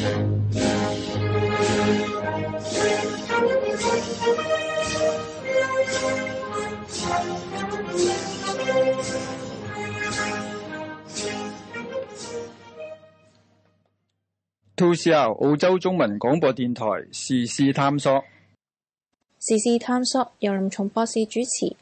To Show 澳洲中文廣播電台時事探索。時事探索由林松博士主持。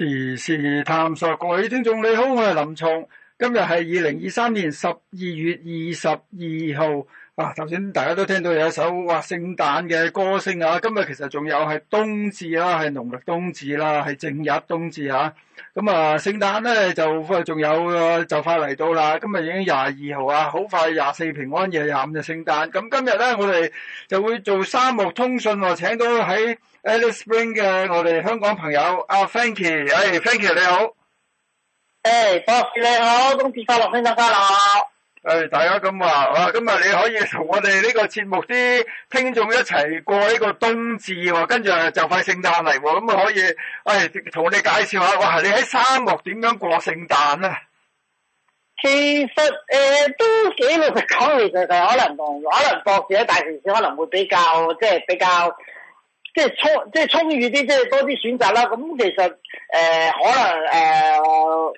時事探索，各位聽眾你好，我係林松，今日係二零二三年十二月二十二號啊。頭先大家都聽到有一首話聖誕嘅歌聲啊，今日其實仲有係冬至啦，係農曆冬至啦，係正日冬至啊。咁啊，聖誕咧就仲、啊、有就快嚟到啦，今日已經廿二號啊，好快廿四平安夜，廿五就聖誕。咁、啊、今日咧我哋就會做沙漠通訊、啊，請到喺。Alice Spring 嘅我哋香港朋友阿 Frankie，哎 Frankie 你好，哎博士你好，冬至快樂，聖誕快樂。哎，hey, 大家咁話，哇、啊，今日你可以同我哋呢個節目啲聽眾一齊過呢個冬至喎，跟、啊、住就快聖誕嚟喎，咁啊、嗯、可以，哎同我哋介紹下，哇、啊，你喺沙漠點樣過聖誕啊？其實誒都幾難講，其、呃、實可能同可能博士喺大城市可能會比較即係、就是、比較。即係充、就是呃呃，即係充裕啲，即係多啲選擇啦。咁其實誒可能誒，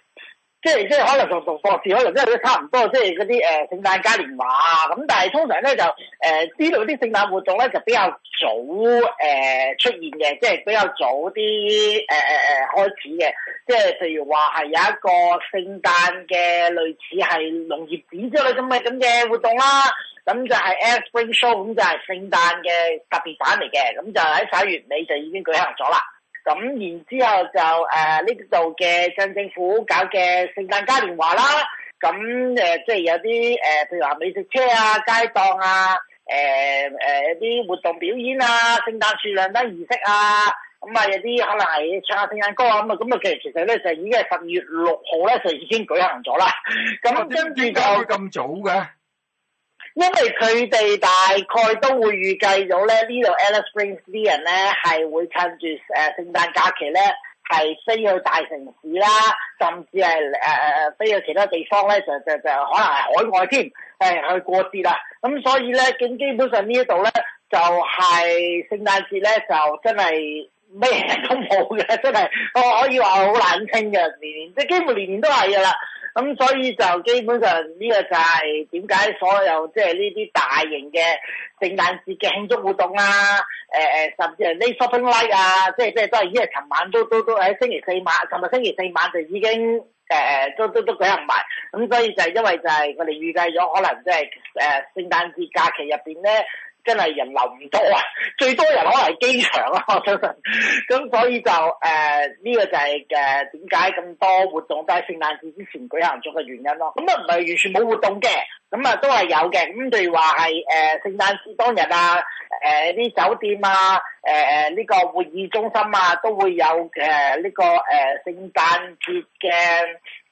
即係即係可能同同博士可能即係都差唔多。即係嗰啲誒聖誕嘉年華啊。咁但係通常咧就誒呢度啲聖誕活動咧就比較早誒、呃、出現嘅，即、就、係、是、比較早啲誒誒誒開始嘅。即係譬如話係有一個聖誕嘅類似係農業展之類咁嘅咁嘅活動啦。咁就係 Air Spring Show，咁就係聖誕嘅特別版嚟嘅。咁就喺十一月尾就已經舉行咗啦。咁然之後就誒呢度嘅鎮政府搞嘅聖誕嘉年華啦。咁誒、呃、即係有啲誒、呃，譬如話美食車啊、街檔啊、誒誒啲活動表演啊、聖誕樹亮燈儀式啊，咁啊有啲可能係唱下聖誕歌啊咁啊咁啊，其實其實咧就已經係十二月六號咧就已經舉行咗啦。咁跟住就去咁早嘅？因為佢哋大概都會預計到咧，呢度 Alice Springs 啲人咧係會趁住誒、呃、聖誕假期咧係飛去大城市啦，甚至係誒誒飛去其他地方咧就就就可能係海外添，係去過節啦。咁所以咧，咁基本上呢一度咧就係、是、聖誕節咧就真係咩都冇嘅，真係我可以話好冷清嘅年年，即係幾乎年年都係噶啦。咁所以就基本上呢個就係點解所有即係呢啲大型嘅聖誕節嘅慶祝活動啊，誒、呃、誒甚至係呢 shopping night 啊，即係即係都係，因為尋晚都都都喺星期四晚，尋日星期四晚就已經誒、呃、都都都舉行埋，咁所以就係因為就係我哋預計咗可能即係誒聖誕節假期入邊咧。真係人流唔多啊，最多人可能係機場咯、啊，我想問，咁所以就誒呢、呃呢個就係誒點解咁多活動都喺聖誕節之前舉行咗嘅原因咯、啊，咁啊唔係完全冇活動嘅。咁啊、嗯，都係有嘅。咁譬如話係誒聖誕節當日啊，誒、呃、啲酒店啊，誒誒呢個會議中心啊，都會有誒呢、這個誒聖誕節嘅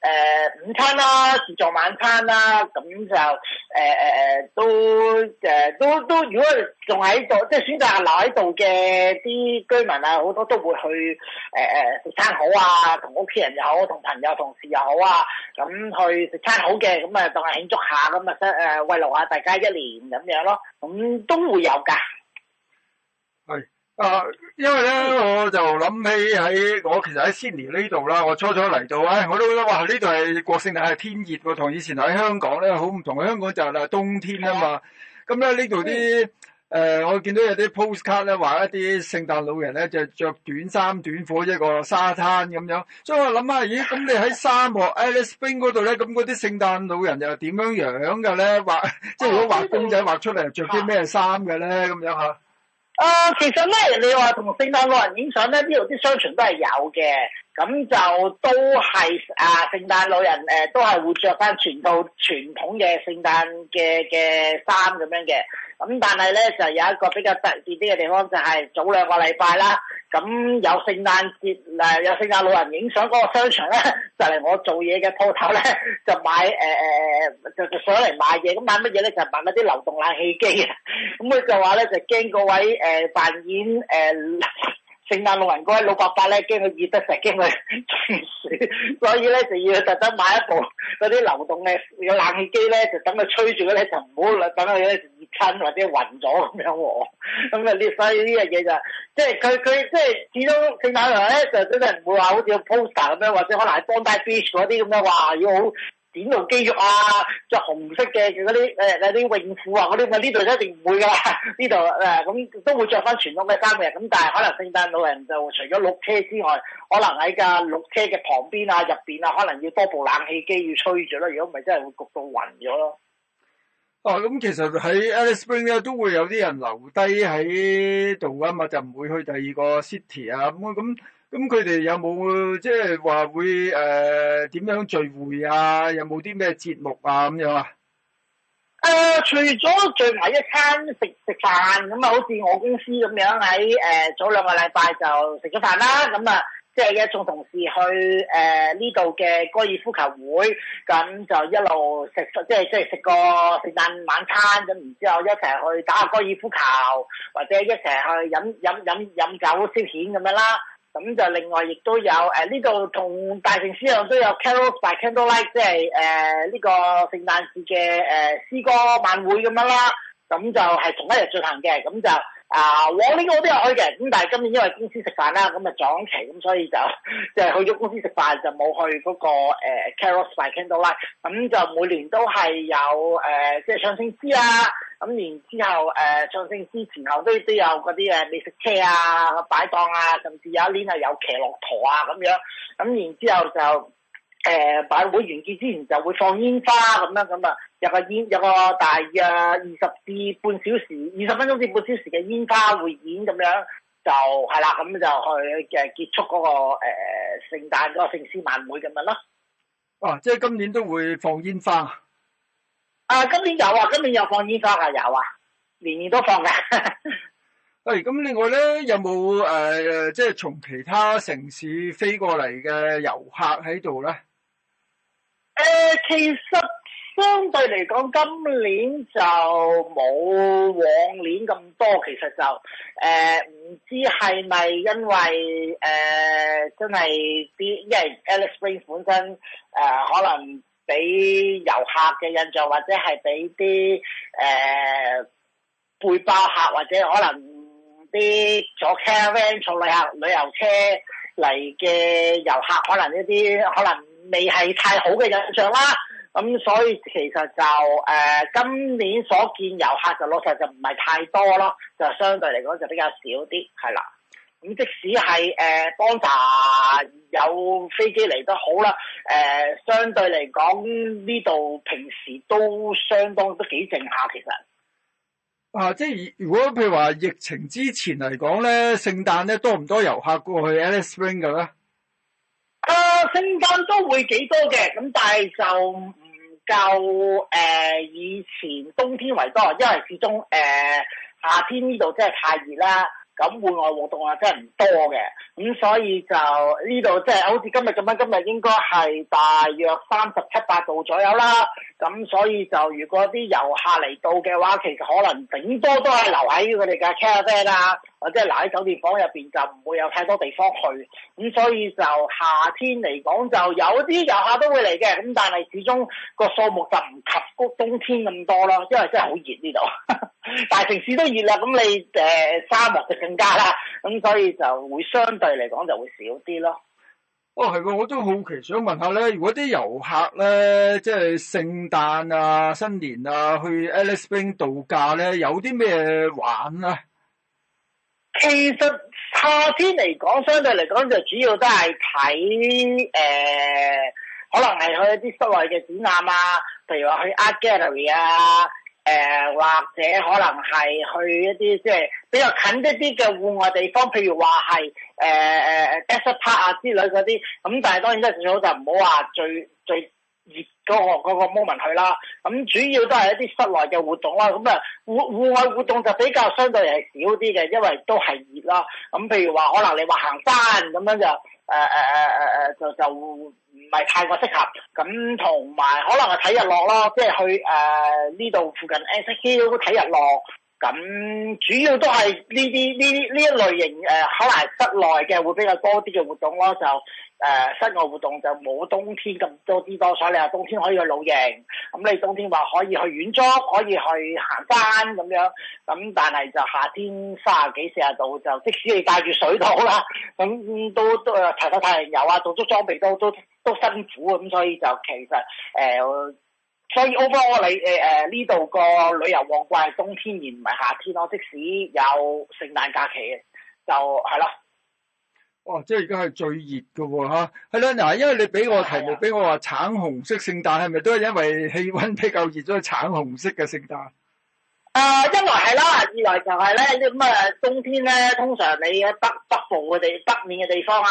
誒午餐啦、啊、自助晚餐啦、啊。咁、嗯、就誒誒誒都誒、呃、都都，都，如果仲喺度，即係選擇留喺度嘅啲居民啊，好多都會去誒誒、呃、食餐好啊，同屋企人又好、啊，同朋友、同事又好啊，咁、嗯、去食餐好嘅，咁啊就係慶祝下咁啊。嗯嗯。誒慰勞下大家一年咁樣咯，咁都會有㗎。係啊、呃，因為咧，我就諗起喺我其實喺悉尼呢度啦， 實 我初初嚟到咧，我都覺得話呢度係過聖誕係天熱喎，同以前喺香港咧好唔同嘅，香港就係冬天啊嘛。咁咧 呢度啲。 誒、呃，我見到有啲 postcard 咧，畫一啲聖誕老人咧，就着短衫短褲一個沙灘咁樣，所以我諗下，咦，咁你喺沙漠 Alice Springs 嗰度咧，咁嗰啲聖誕老人又點樣樣嘅咧？畫，即係如果畫公仔畫出嚟，着啲咩衫嘅咧？咁樣嚇。啊，其實咧，你話同聖誕老人影相咧，呢度啲商場都係有嘅，咁就都係啊，聖誕老人誒、啊，都係會着翻全套傳統嘅聖誕嘅嘅衫咁樣嘅。咁但係咧就有一個比較特別啲嘅地方，就係、是、早兩個禮拜啦。咁有聖誕節誒、呃，有聖誕老人影相嗰個商場咧，就嚟我做嘢嘅鋪頭咧，就買誒誒、呃，就就上嚟買嘢。咁買乜嘢咧？就買嗰啲流動冷氣機啊。咁佢就話咧，就驚嗰位誒、呃、扮演誒。呃聖誕老人嗰位老伯伯咧，驚佢熱得石，就驚佢中暑， 所以咧就要特登買一部嗰啲流動嘅有冷氣機咧，就等佢吹住咧，就唔好等佢熱親或者暈咗咁樣，哦。咁啊，所以、就是、呢啲嘢就，即係佢佢即係，始終聖誕老人就真係唔會話好似個 poster 咁樣，或者可能係 Bondi Beach 嗰啲咁樣，哇，要好。展露肌肉啊！着紅色嘅佢啲誒啲泳褲啊，嗰啲咁呢度一定唔會㗎啦，呢度誒咁都會着返傳統嘅衫嘅。咁但係可能聖誕老人就除咗六車之外，可能喺架六車嘅旁邊啊、入邊啊，可能要多部冷氣機要吹著咯。如果唔係，真係會焗到暈咗咯。哦、啊，咁其實喺 Alice Springs 咧、啊、都會有啲人留低喺度啊嘛，就唔會去第二個 City 啊咁咁。咁佢哋有冇即係話會誒點、呃、樣聚會啊？有冇啲咩節目啊？咁樣啊？誒、呃，除聚咗聚埋一餐食食飯咁啊，好似我公司咁樣喺誒、呃、早兩個禮拜就食咗飯啦。咁啊，即係一眾，同事去誒呢度嘅高爾夫球會，咁就一路食即係即係食個聖誕晚餐，咁然之後一齊去打下高爾夫球，或者一齊去飲飲飲飲酒消遣咁樣啦。咁就另外亦都有，誒呢度同大城市一樣都有 Carol by Candlelight，即係誒呢個聖誕節嘅誒詩歌晚會咁樣啦，咁就係同一日進行嘅，咁就。啊，uh, 往年我都有去嘅，咁但係今年因為公司食飯啦，咁咪撞期，咁所以就即 係去咗公司食飯，就冇去嗰、那個、uh, Carols by Candlelight 咁就每年都係有誒，即係唱聖詩啦。咁然之後誒，唱聖詩前後都都有嗰啲誒美食車啊、擺檔啊，甚至有一年係有騎駱駝啊咁樣。咁然之後就誒、uh, 擺會完結之前就會放煙花咁樣咁啊。有個煙，有個大約二十至半小時，二十分鐘至半小時嘅煙花匯演咁樣，就係啦，咁就去誒結束嗰、那個誒、呃、聖誕個城市晚會咁樣咯。哦、啊，即係今年都會放煙花。啊，今年有啊，今年有放煙花係有啊，年年都放㗎。喂 啊，咁另外咧，有冇誒、呃、即係從其他城市飛過嚟嘅遊客喺度咧？誒、呃，其實。相對嚟講，今年就冇往年咁多。其實就誒，唔、呃、知係咪因為誒、呃，真係啲，因為 Alice Springs 本身誒、呃，可能俾遊客嘅印象，或者係俾啲誒背包客，或者可能啲坐 caravan 坐旅客旅遊車嚟嘅遊客，可能一啲可能未係太好嘅印象啦。咁、嗯、所以其實就誒、呃、今年所見遊客就落實就唔係太多咯，就相對嚟講就比較少啲，係啦。咁即使係誒、呃、當場有飛機嚟都好啦，誒、呃、相對嚟講呢度平時都相當都幾靜下，其實。啊，即係如果譬如話疫情之前嚟講咧，聖誕咧多唔多遊客過去 Alice Springs 咧？啊，聖誕都會幾多嘅，咁但係就～夠誒、呃，以前冬天為多，因為始終誒、呃、夏天呢度真係太熱啦，咁戶外活動啊真係唔多嘅，咁所以就呢度即係好似今日咁樣，今日應該係大約三十七八度左右啦，咁所以就如果啲遊客嚟到嘅話，其實可能頂多都係留喺佢哋嘅，caravan 啦。或者係嗱喺酒店房入邊，就唔會有太多地方去，咁所以就夏天嚟講就有啲遊客都會嚟嘅，咁但係始終個數目就唔及嗰冬天咁多啦，因為真係好熱呢度， 大城市都熱啦，咁你誒、呃、沙漠就更加啦，咁所以就會相對嚟講就會少啲咯。哦，係喎，我都好奇想問下咧，如果啲遊客咧，即係聖誕啊、新年啊，去 Alice Springs 度假咧，有啲咩玩啊？其實夏天嚟講，相對嚟講就主要都係睇誒，可能係去一啲室內嘅展覽啊，譬如話去 Art Gallery 啊，誒、呃、或者可能係去一啲即係比較近一啲嘅戶外地方，譬如話係誒誒誒 Desert Park 啊之類嗰啲，咁但係當然即係最好就唔好話最最。最熱嗰嗰個 moment 去啦，咁主要都係一啲室內嘅活動啦，咁啊戶戶外活動就比較相對係少啲嘅，因為都係熱啦。咁譬如話可能你話行山咁樣就誒誒誒誒誒就就唔係太過適合。咁同埋可能係睇日落咯，即係去誒呢度附近 e x c e l 睇日落。咁主要都係呢啲呢呢一類型誒、呃，可能室內嘅會比較多啲嘅活動咯就。誒室外活動就冇冬天咁多姿多彩，你話冬天可以去露營，咁你冬天話可以去遠足，可以去行山咁樣，咁但係就夏天卅幾四十度就即使你帶住水都啦，咁都誒搽咗太陽油啊，做足裝備都都都辛苦咁，所以就其實誒，所以 overall 你誒誒呢度個旅遊旺季係冬天而唔係夏天咯，即使有聖誕假期就係啦。哇！即係而家係最熱噶喎，吓係啦。嗱，因為你俾我題目，俾我話橙紅色聖誕，係咪都係因為氣溫比較熱，所以橙紅色嘅聖誕？誒、呃，一來係啦，二來就係咧咁啊，冬天咧通常你喺北北部嘅地北面嘅地方啊，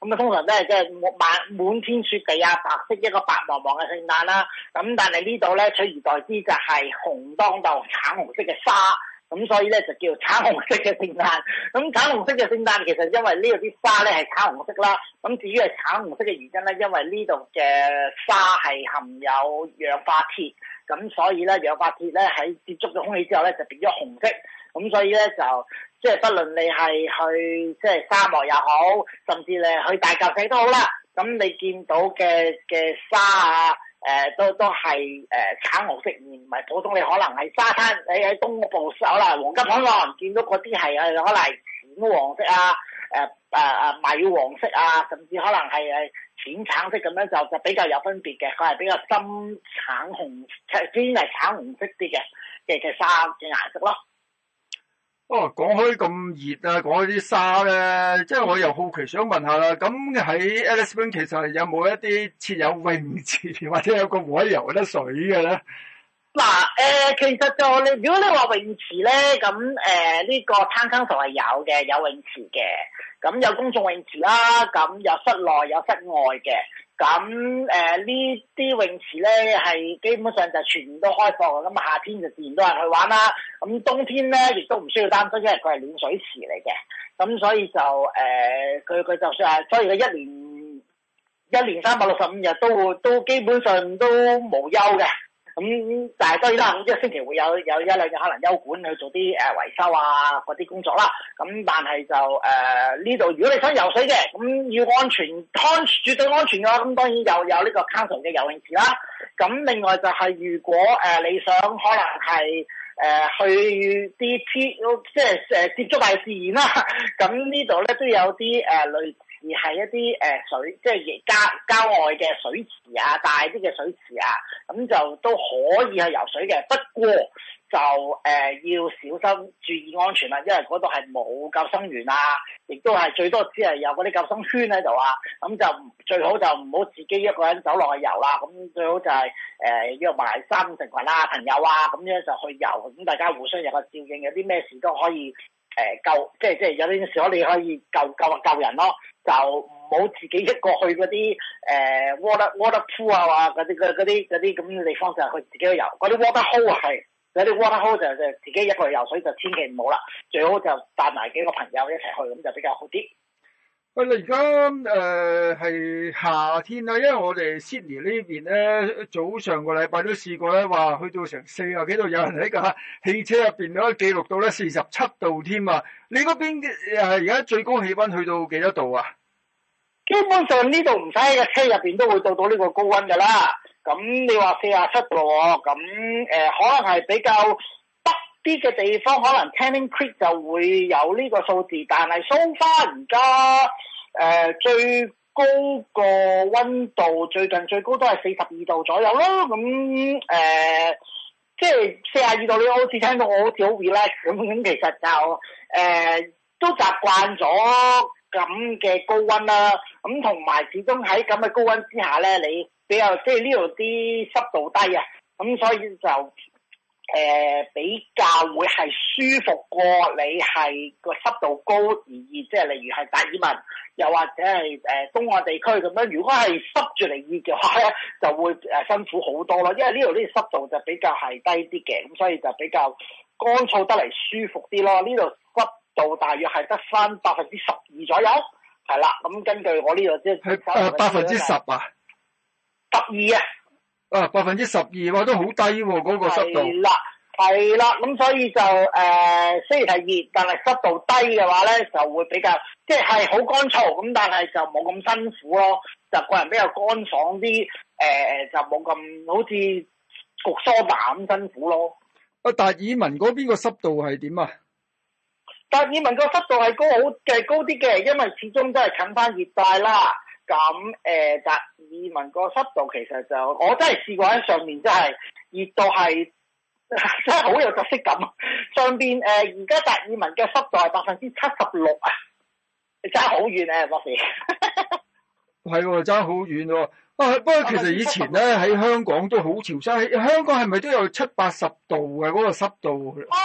咁、嗯、啊通常都係即係滿滿天雪地啊，白色一個白茫茫嘅聖誕啦。咁、嗯、但係呢度咧取而代之就係紅當當，橙紅色嘅沙。咁所以咧就叫橙紅色嘅聖誕，咁橙紅色嘅聖誕其實因為呢度啲沙咧係橙紅色啦，咁至於係橙紅色嘅原因咧，因為呢度嘅沙係含有氧化鐵，咁所以咧氧化鐵咧喺接觸咗空氣之後咧就變咗紅色，咁所以咧就即係、就是、不論你係去即係、就是、沙漠又好，甚至你去大鴿仔都好啦，咁你見到嘅嘅沙、啊。誒、呃、都都係誒、呃、橙紅色，而唔係普通，你可能係沙灘，你喺東部可能黃金海岸見到嗰啲係誒可能淺黃色啊，誒誒誒米黃色啊，甚至可能係誒淺橙色咁樣，就就比較有分別嘅，佢係比較深橙紅，偏係橙紅色啲嘅嘅嘅沙嘅顏色咯。哦，講開咁熱啊，講開啲沙咧，即係我又好奇想問下啦。咁喺 Alice Springs 其實有冇一啲設有泳池或者有個位游得水嘅咧？嗱，誒，其實就你如果你話泳池咧，咁誒呢個灘坑房係有嘅，有泳池嘅，咁有公眾泳池啦，咁有室內有室外嘅。咁誒呢啲泳池咧，係基本上就全部都開放嘅，咁、嗯、夏天就自然都係去玩啦。咁、嗯、冬天咧，亦都唔需要擔心，因為佢係暖水池嚟嘅。咁、嗯、所以就誒，佢、呃、佢就算係，所以佢一年一年三百六十五日都會都基本上都無憂嘅。咁、嗯、但係當然啦，咁一星期會有有一兩日可能休館去做啲誒、呃、維修啊嗰啲工作啦。咁但係就誒呢度，如果你想游水嘅，咁要安全，安絕對安全嘅話，咁當然又有呢個 Council 嘅游泳池啦。咁另外就係如果誒、呃、你想可能係誒、呃、去啲 P，、呃、即係誒、呃、接觸大自然啦。咁呢度咧都有啲誒、呃、類。而係一啲誒、呃、水，即係郊郊外嘅水池啊，大啲嘅水池啊，咁、嗯、就都可以去游水嘅。不過就誒、呃、要小心注意安全啦，因為嗰度係冇救生員啊，亦都係最多只係有嗰啲救生圈喺度啊。咁、嗯、就最好就唔好自己一個人走落去遊啦。咁、嗯、最好就係、是、誒、呃、約埋三五成群啦、啊，朋友啊，咁、嗯、樣就去遊。咁、嗯、大家互相有個、啊、照應，有啲咩事都可以。誒、呃，救即係即係有啲時候你可以救救啊救人咯，就唔好自己一個去嗰啲誒，water water pool 啊，嗰啲嗰啲啲咁嘅地方就去自己去游，嗰啲 water hole 係有啲 water hole 就就自己一個去游水就千祈唔好啦，最好就帶埋幾個朋友一齊去咁就比較好啲。喂，你而家誒係夏天啦，因為我哋悉尼呢邊咧，早上個禮拜都試過咧，話去到成四啊幾度，有人喺噶汽車入邊都記錄到咧四十七度添啊！你嗰邊誒而家最高氣溫去到幾多度啊？基本上呢度唔使喺個車入邊都會到到呢個高溫噶啦。咁你話四十七度，咁誒、呃、可能係比較。啲嘅地方可能 Tennant Creek 就會有呢個數字，但係、so far 而家誒最高個温度最近最高都係四十二度左右咯。咁誒即係四十二度，你好似聽到我好似好 relax 咁樣，其實就誒、呃、都習慣咗咁嘅高温啦、啊。咁同埋始終喺咁嘅高温之下咧，你比較即係呢度啲濕度低啊，咁、嗯、所以就。誒、呃、比較會係舒服過你係個濕度高而熱，即係例如係達爾文，又或者係誒、呃、東岸地區咁樣。如果係濕住嚟熱嘅話咧，就會誒、呃、辛苦好多咯。因為呢度啲濕度就比較係低啲嘅，咁所以就比較乾燥得嚟舒服啲咯。呢度濕度大約係得翻百分之十二左右，係啦。咁、嗯、根據我呢度即係百分之十啊，得意啊。啊，百分之十二喎，都好低喎、啊，嗰、嗰個濕度。係啦，係啦，咁所以就誒、呃，雖然係熱，但係濕度低嘅話咧，就會比較即係好乾燥，咁但係就冇咁辛苦咯，就個人比較乾爽啲，誒、呃、就冇咁好似焗桑拿咁辛苦咯。阿達爾文嗰邊個濕度係點啊？達爾文個濕度係、啊、高，好嘅高啲嘅，因為始終都係近翻熱帶啦。咁誒，達爾、呃、文個濕度其實就，我真係試過喺上面，真係熱到係， 真係好有特色感。 上邊誒，而家達爾文嘅濕度係百分之七十六啊， 差好遠啊，博士。係，差好遠喎、啊。啊，不過其實以前咧喺香港都好潮濕，香港係咪都有七八十度嘅嗰、那個濕度？ 啊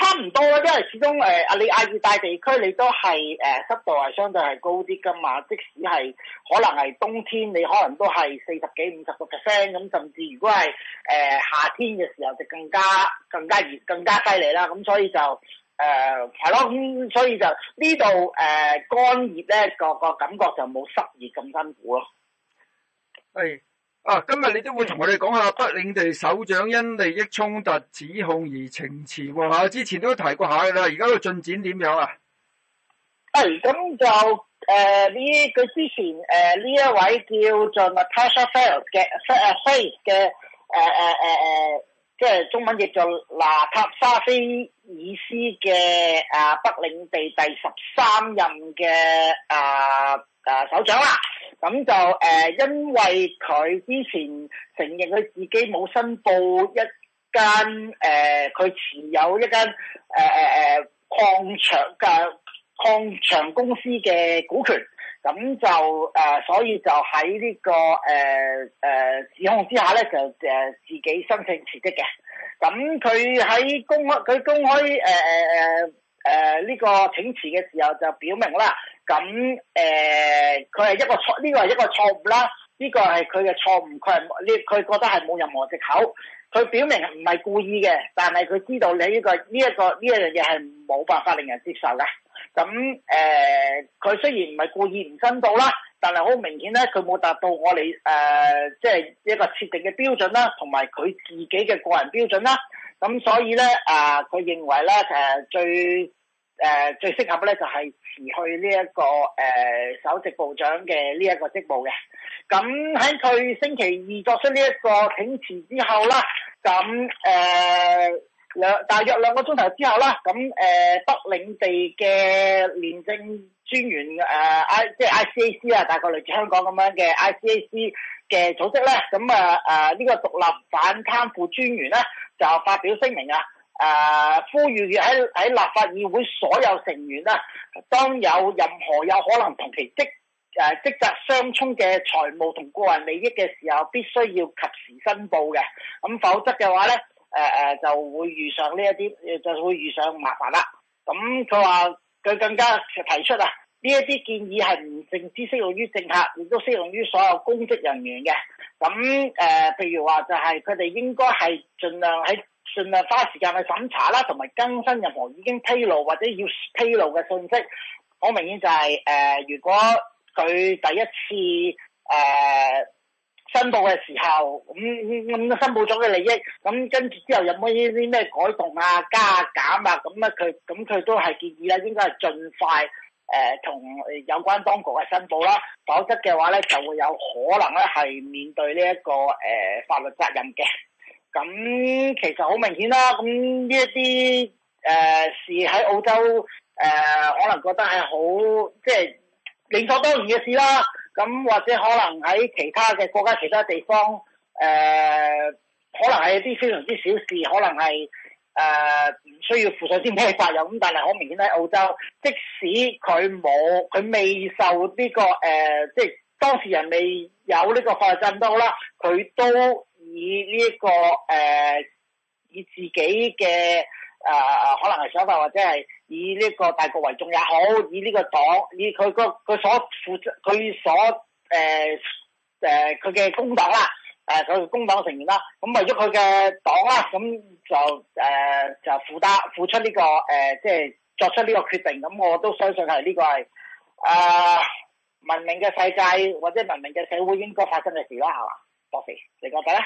差唔多啦，因為始終誒、呃，你亞熱帶地區你都係誒、呃、濕度係相對係高啲㗎嘛，即使係可能係冬天，你可能都係四十幾五十個 percent 咁，甚至如果係誒、呃、夏天嘅時候就更加更加熱更加犀利啦，咁、嗯、所以就誒係咯，咁、呃、所以就呢度誒乾熱呢個個感覺就冇濕熱咁辛苦咯。係、哎。啊，今日你都會同我哋講下北領地首長因利益衝突指控而呈辭喎吓，之前都提過下噶啦，而家個進展點樣啊？誒、嗯，咁就誒呢，佢、呃、之前誒呢、呃、一位叫做 n 納塔沙菲爾嘅菲啊菲嘅誒誒誒誒，即係中文譯做納塔沙菲爾斯嘅啊、呃、北領地第十三任嘅啊。呃啊，首長啦、啊，咁就誒、呃，因為佢之前承認佢自己冇申報一間，誒、呃，佢持有一間誒誒誒礦場嘅礦、啊、場公司嘅股權，咁就誒、呃，所以就喺呢、這個誒誒、呃呃、指控之下咧，就誒、呃、自己申請辭職嘅。咁佢喺公開，佢公開誒誒誒誒呢個請辭嘅時候，就表明啦。咁誒，佢係、嗯、一個錯，呢個係一個錯誤啦。呢個係佢嘅錯誤，佢係呢，佢覺得係冇任何藉口。佢表明唔係故意嘅，但係佢知道你、這、呢個呢一、這個呢一樣嘢係冇辦法令人接受嘅。咁、嗯、誒，佢、嗯嗯、雖然唔係故意唔申報啦，但係好明顯咧，佢冇達到我哋誒即係一個設定嘅標準啦，同埋佢自己嘅個人標準啦。咁、嗯、所以咧啊，佢、呃、認為咧誒最誒、呃、最適合咧就係、是。辭去呢、這、一個誒、呃、首席部長嘅呢一個職務嘅，咁喺佢星期二作出呢一個請辭之後啦，咁誒兩大約兩個鐘頭之後啦，咁誒、呃、北領地嘅廉政專員誒 I、呃、即係 ICAC 啊，大概類似香港咁樣嘅 ICAC 嘅組織咧，咁啊啊呢個獨立反貪腐專員咧就發表聲明啦。誒、呃、呼籲喺喺立法議會所有成員啦、啊，當有任何有可能同其職誒、呃、職責相衝嘅財務同個人利益嘅時候，必須要及時申報嘅。咁、嗯、否則嘅話咧，誒、呃、誒就會遇上呢一啲，就會遇上麻煩啦。咁佢話佢更加提出啊，呢一啲建議係唔淨只適用於政客，亦都適用於所有公職人員嘅。咁、嗯、誒，譬、呃、如話就係佢哋應該係盡量喺，盡量花時間去審查啦，同埋更新任何已經披露或者要披露嘅信息。好明顯就係、是、誒、呃，如果佢第一次誒、呃、申報嘅時候，咁、嗯、咁、嗯、申報咗嘅利益，咁、嗯、跟住之後有冇呢啲咩改動啊、加減啊，咁咧佢咁佢都係建議咧，應該係盡快誒同、呃、有關當局嘅申報啦，否則嘅話咧就會有可能咧係面對呢、這、一個誒、呃、法律責任嘅。咁、嗯、其實好明顯啦，咁呢一啲誒事喺澳洲誒、呃，可能覺得係好即係理所當然嘅事啦。咁、嗯、或者可能喺其他嘅國家、其他地方誒、呃，可能係啲非常之小事，可能係誒唔需要負上啲咩責任。咁但係好明顯喺澳洲，即使佢冇佢未受呢、這個誒、呃，即係當事人未有呢個法律都好啦，佢都。以呢、這、一個、呃、以自己嘅誒誒，可能係想法或者係以呢個大局為重也好，以呢個黨，以佢個佢所負責佢所誒誒佢嘅工黨啦，誒、呃、佢工黨成員啦，咁為咗佢嘅黨啦，咁就誒、呃、就負擔付出呢、這個誒，即、呃、係、就是、作出呢個決定。咁我都相信係呢個係誒、呃、文明嘅世界或者文明嘅社會應該發生嘅事啦，係嘛？博士，你覺得咧？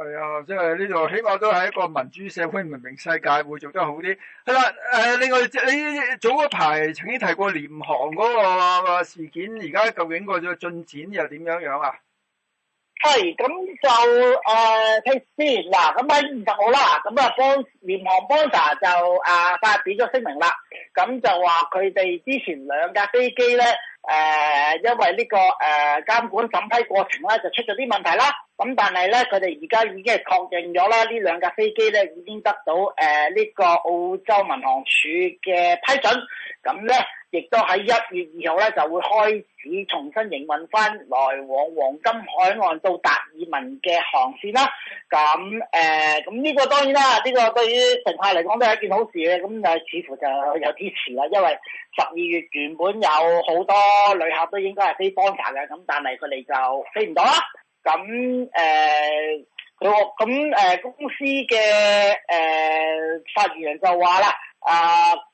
係啊、哎，即係呢度，起碼都係一個民主社會、文明世界會做得好啲。係啦，誒、呃，另外，你早嗰排曾經提過廉航嗰個事件，而家究竟個進展又點樣樣啊？係，咁就誒、呃、先嗱，咁喺二十號啦，咁啊，廉航 Bonza、er、就啊、呃、發表咗聲明啦。咁就話佢哋之前兩架飛機咧，誒、呃、因為呢、呢個誒、呃、監管審批過程咧就出咗啲問題啦。咁但係咧，佢哋而家已經係確認咗啦，呢兩架飛機咧已經得到誒呢、呃呢個澳洲民航署嘅批准。咁咧，亦都喺一月二號咧就會開，要重新營運翻來往黃金海岸到達爾文嘅航線啦，咁誒，咁、呃、呢個當然啦，呢、呢個對於乘客嚟講都係一件好事嘅，咁啊似乎就有啲遲啦，因為十二月原本有好多旅客都應該係飛邦達嘅，咁但係佢哋就飛唔到啦，咁誒佢咁誒公司嘅誒、呃、發言人就話啦，啊、呃。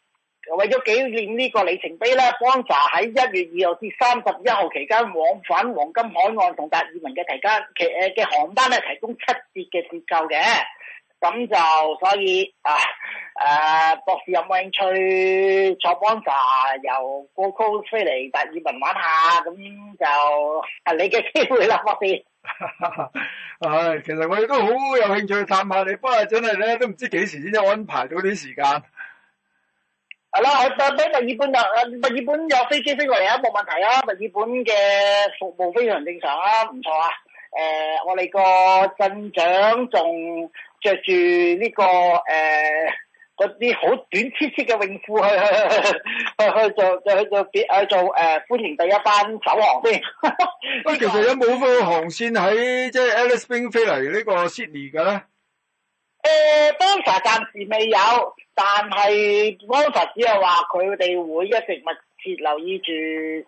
為咗紀念呢個里程碑啦，Bonza 喺一月二號至三十一號期間往返黃金海岸同達爾文嘅期間，其誒嘅、呃、航班咧提供七折嘅折扣嘅，咁就所以誒誒、啊啊、博士有冇興趣坐 Bonza、er、由過高飛嚟達爾文玩下？咁就係你嘅機會啦，博士。唉、 哎，其實我亦都好有興趣探下你，不過真係咧都唔知幾時先安排到啲時間。係啦，去到墨爾本就，墨爾本有飛機飛過嚟啊，冇問題啊，墨爾本嘅服務非常正常啊，唔錯啊。誒、呃，我哋個鎮長仲着住、這、呢個誒嗰啲好短 T 恤嘅泳褲去去去，去，去，去，去，去，去做去做別去做誒歡迎第一班首航兵。咁其實有冇、就是、個航線喺即係 Alice Springs 飛嚟呢個 Sydney 嘅咧？誒，Bonza 暫時未有，但係 Bonza 只係話佢哋會一直密切留意住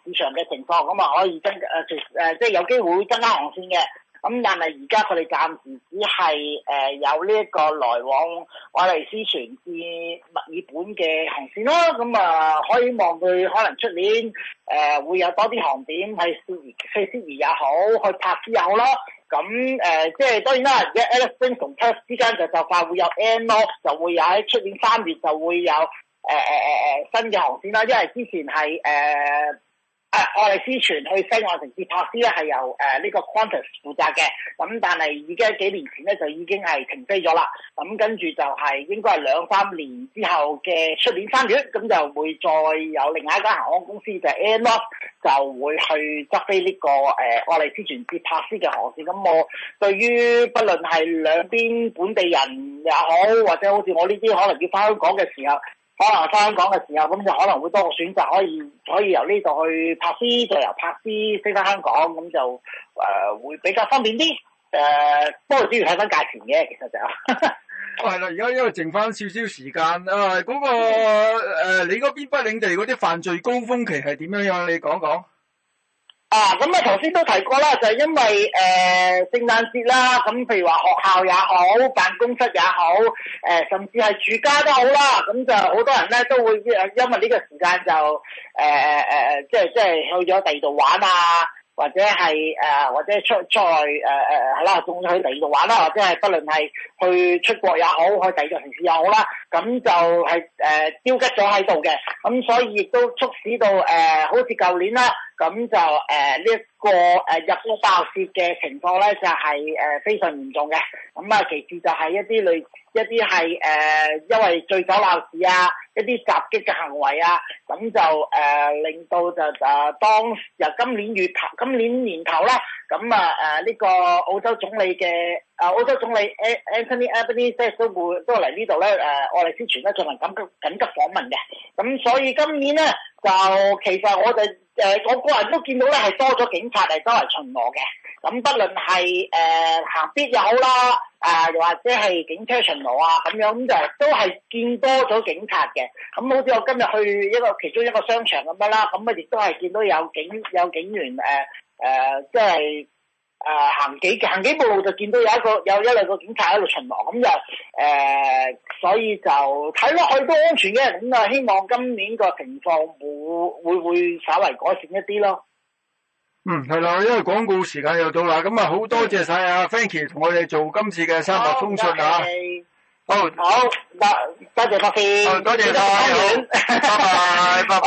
市場嘅情況，咁啊可以增誒，其、呃、即係有機會增加航線嘅。咁、嗯、但係而家佢哋暫時只係誒、呃、有呢一個來往愛麗斯泉至墨爾本嘅航線咯。咁、嗯、啊，可、呃、以望佢可能出年誒、呃、會有多啲航點，係悉尼去悉尼也好，去珀斯又好咯。咁誒、呃，即係當然啦，而家 Airline 同 test 之間就就是、快會有 Airline 就會喺出年三月就會有誒誒誒誒新嘅航線啦，因為之前係誒。呃誒，愛麗斯泉去西岸城接柏斯咧，係由誒呢、呃這個 Qantas 負責嘅。咁但係已經幾年前咧就已經係停飛咗啦。咁跟住就係應該係兩三年之後嘅出年三月，咁就會再有另外一間航空公司就係、是、Airnorth 就會去執飛呢、這個誒愛麗斯泉接柏斯嘅航線。咁我對於不論係兩邊本地人又好，或者好似我呢啲可能要翻香港嘅時候。可能翻香港嘅時候，咁就可能會多個選擇可，可以可以由呢度去柏斯，再由柏斯飛翻香港，咁就誒、呃、會比較方便啲。誒，不過都係需要睇翻價錢嘅，其實就係啦。而 家、 啊、因為剩翻少少時間啊，嗰、那個、呃、你嗰邊北領地嗰啲犯罪高峰期係點樣樣？你講講。啊，咁啊，頭先都提過啦，就係、是、因為誒、呃、聖誕節啦，咁譬如話學校也好，辦公室也好，誒、呃，甚至係住家都好啦，咁就好多人咧都會因為呢個時間就誒誒誒，即係即係去咗第二度玩啊，或者係誒、呃，或者出出外誒誒係啦，仲、呃、去第二度玩啦、啊，或者係不論係去出國也好，去第二個城市又好啦、啊，咁就係誒丟吉咗喺度嘅，咁、呃、所以亦都促使到誒、呃，好似舊年啦。咁就誒、呃這個呃、呢一個誒入屋爆竊嘅情況咧，就係、是、誒、呃、非常嚴重嘅。咁、嗯、啊，其次就係一啲類一啲係誒，因為醉酒鬧事啊，一啲襲擊嘅行為啊，咁、嗯、就誒、呃、令到就誒當、呃、由今年月頭今年年頭啦，咁啊誒呢個澳洲總理嘅。啊！澳洲總理 Anthony Albanese 都會都嚟呢度咧。誒、呃，愛麗斯泉聞進行緊急緊急訪問嘅。咁所以今年咧，就其實我哋誒、呃，我個人都見到咧，係多咗警察嚟周圍巡邏嘅。咁，不論係誒、呃、行咇又好啦，又、呃、或者係警車巡邏啊咁樣，咁就都係見多咗警察嘅。咁好似我今日去一個其中一個商場咁樣啦，咁我亦都係見到有警有警員誒誒，即、呃、係。呃即係誒，行、uh, 幾行幾步路就見到有一個有一兩個警察喺度巡邏，咁就，誒、uh，所以就睇落去都安全嘅，咁啊，希望今年個情況會會會稍微改善一啲咯。嗯，係啦，因為廣告時間又到啦，咁、嗯、啊，好多謝晒阿 Frankie 同我哋做今次嘅三合通訊啊。好，好，多謝不棄。多謝晒，多謝晒，拜拜。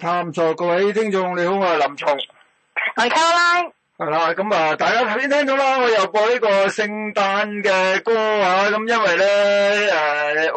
探索，各位聽眾，你好，我係林松。係啦，咁啊，大家頭先聽到啦，我又播呢個聖誕嘅歌吓，咁因為咧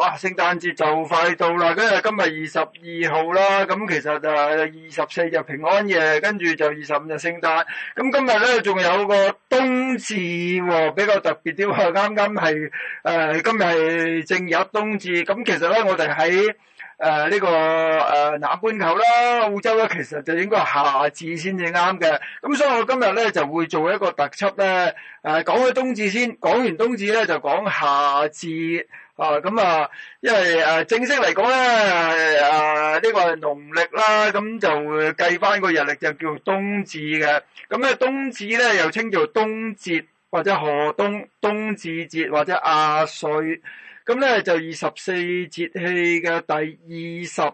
誒，哇，聖誕節就快到啦，因為今日二十二號啦，咁其實啊，二十四日平安夜，跟住就二十五日聖誕，咁今日咧仲有個冬至喎，比較特別啲啊，啱啱係誒，今日係正日冬至，咁其實咧我哋喺。誒呢、呃這個誒、呃、南半球啦、澳洲啦，其實就應該夏至先至啱嘅。咁、嗯、所以我今日咧就會做一個特輯咧，誒講開冬至先，講完冬至咧就講夏至。啊，咁、嗯、啊，因為誒、呃、正式嚟講咧，誒、呃、呢、這個係農曆啦，咁、嗯、就會計翻個日曆就叫冬至嘅。咁、嗯、咧冬至咧又稱做冬節或者賀冬、冬至節或者亞歲。咁咧就二十四節氣嘅第二十二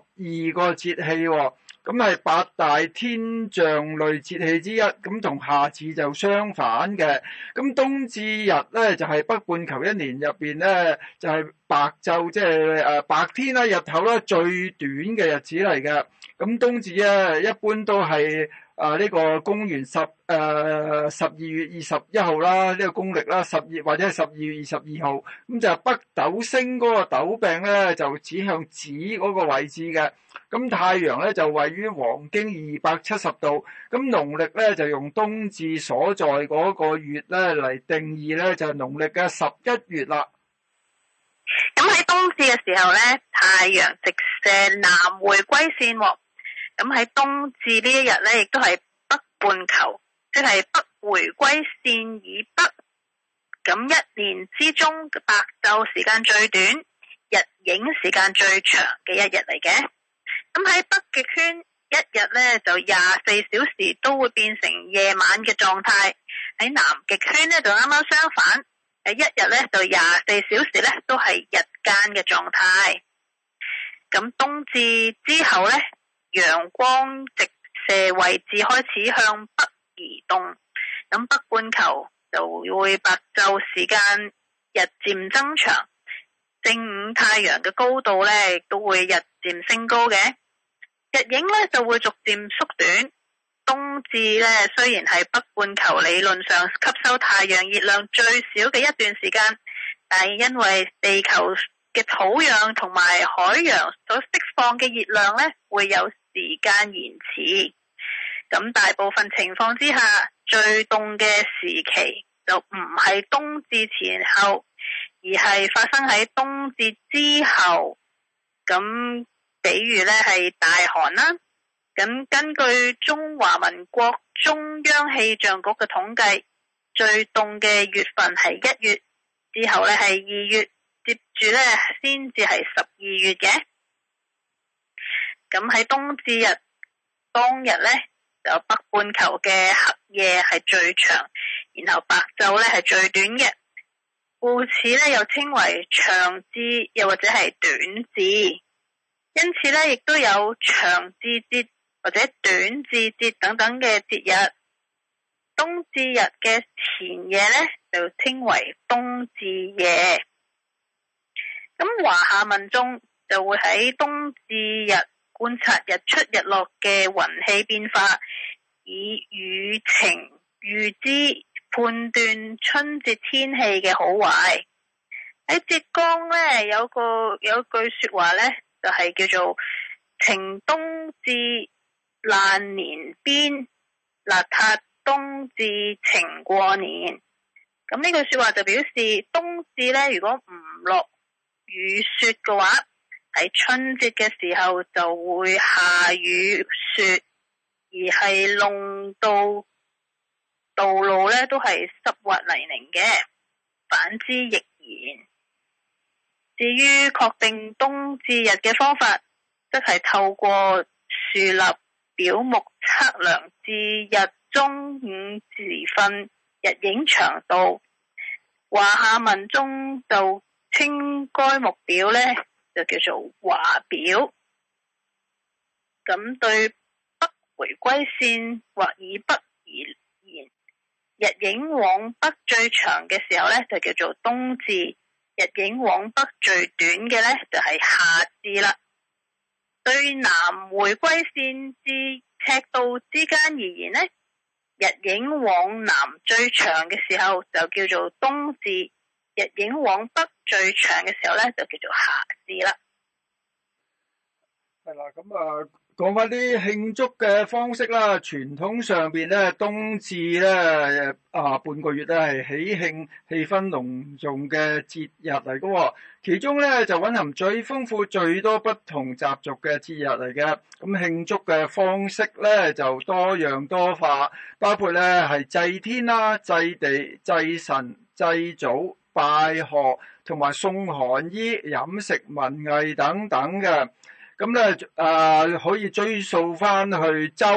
個節氣、哦，咁係八大天象類節氣之一。咁同夏至就相反嘅。咁冬至日咧就係、是、北半球一年入邊咧就係、是、白晝即係誒白天啦、啊，日頭啦、啊、最短嘅日子嚟嘅。咁冬至啊，一般都係。啊！呢、這個公元十誒十二月二十一號啦，呢、這個公歷啦，十二或者係十二月二十二號，咁就北斗星嗰個斗柄咧就指向子嗰個位置嘅。咁太陽咧就位於黃經二百七十度。咁農曆咧就用冬至所在嗰個月咧嚟定義咧，就係、是、農曆嘅十一月啦。咁喺冬至嘅時候咧，太陽直射南迴歸線、哦。咁喺冬至呢一日咧，亦都係北半球，即係北回歸線以北，咁一年之中白晝時間最短，日影時間最長嘅一日嚟嘅。咁喺北極圈，一日咧就廿四小時都會變成夜晚嘅狀態；喺南極圈咧就啱啱相反，誒，一日咧就廿四小時咧都係日間嘅狀態。咁冬至之後咧，陽光直射位置開始向北移動，咁北半球就會白晝時間日漸增長，正午太陽嘅高度咧都會日漸升高嘅，日影咧就會逐漸縮短。冬至咧雖然係北半球理論上吸收太陽熱量最少嘅一段時間，但係因為地球嘅土壤同埋海洋所釋放嘅熱量咧會有間延遲，咁大部分情況之下，最凍嘅時期就唔係冬至前後，而係發生喺冬至之後。咁，比如呢係大寒啦。咁根據中華民國中央氣象局嘅統計，最凍嘅月份係一月，之後呢係二月，接住呢先至係十二月嘅。咁喺冬至日當日呢，就北半球嘅黑夜係最長，然後白晝呢係最短嘅。故此呢，又稱為長至，又或者係短至。因此呢，亦都有長至節或者短至節等等嘅節日。冬至日嘅前夜呢，就稱為冬至夜。咁華夏民眾就會喺冬至日，觀察日出日落嘅雲氣變化，以雨晴預知判斷春節天氣嘅好壞。喺浙江呢，有個有句說話呢，就係叫做“晴冬至爛年邊，邋遢冬至晴過年”。咁呢句說話就表示冬至呢，如果唔落雨雪嘅話。喺春節嘅時候就會下雨雪，而係弄到道路咧都係濕滑泥濘嘅。反之亦然。至於確定冬至日嘅方法，即係透過樹立表目測量至日中午時分日影長度。華夏文中就稱該目表咧。就叫做華表，咁對北回歸線或以北而言，日影往北最長嘅時候呢，就叫做冬至；日影往北最短嘅呢，就係、是、夏至啦。對南回歸線至赤道之間而言呢，日影往南最長嘅時候就叫做冬至。日影往北最長嘅時候咧，就叫做夏至啦。係啦，咁啊，講翻啲慶祝嘅方式啦。傳統上邊咧，冬至咧啊，半個月咧係喜慶氣氛濃重嘅節日嚟噶哦。其中咧就蘊含最豐富、最多不同習俗嘅節日嚟嘅。咁慶祝嘅方式咧就多樣多化，包括咧係祭天啦、祭地、祭神、祭祖。拜學同埋送寒衣、飲食文藝等等嘅，咁咧誒可以追溯翻去周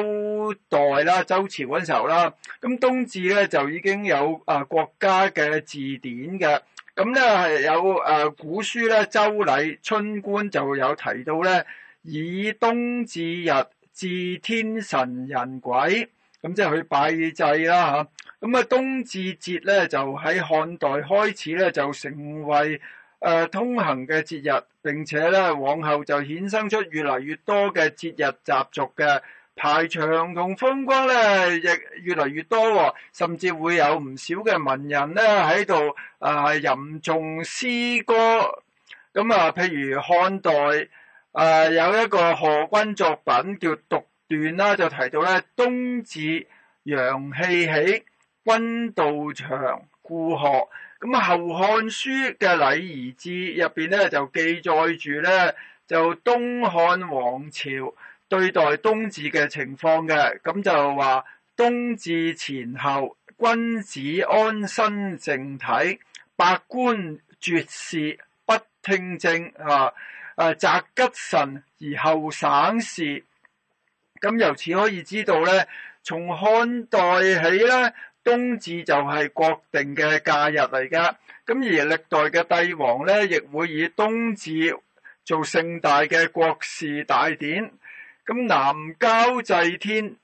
代啦、周朝嗰時候啦。咁冬至咧就已經有誒、呃、國家嘅字典嘅，咁咧係有誒、呃、古書咧《周禮》《春官》就有提到咧，以冬至日致天神人鬼。咁即係佢拜祭啦嚇，咁啊冬至節咧就喺漢代開始咧就成為誒、呃、通行嘅節日，並且咧往後就衍生出越嚟越多嘅節日習俗嘅排場同風光咧，亦越嚟越多、哦，甚至會有唔少嘅文人咧喺度誒吟詠詩歌。咁啊，譬如漢代誒、呃、有一個何軍作品叫《讀》。段啦就提到咧，冬至陽氣起，君道長故學，故何咁啊？後漢書嘅禮儀志入邊咧就記載住咧，就東漢王朝對待冬至嘅情況嘅，咁就話冬至前後，君子安身靜體，百官絕事不聽政啊！啊，擇吉辰而後省事。咁由此可以知道咧，從漢代起咧，冬至就係國定嘅假日嚟㗎。咁而歷代嘅帝王咧，亦會以冬至做盛大嘅國事大典。咁南郊祭天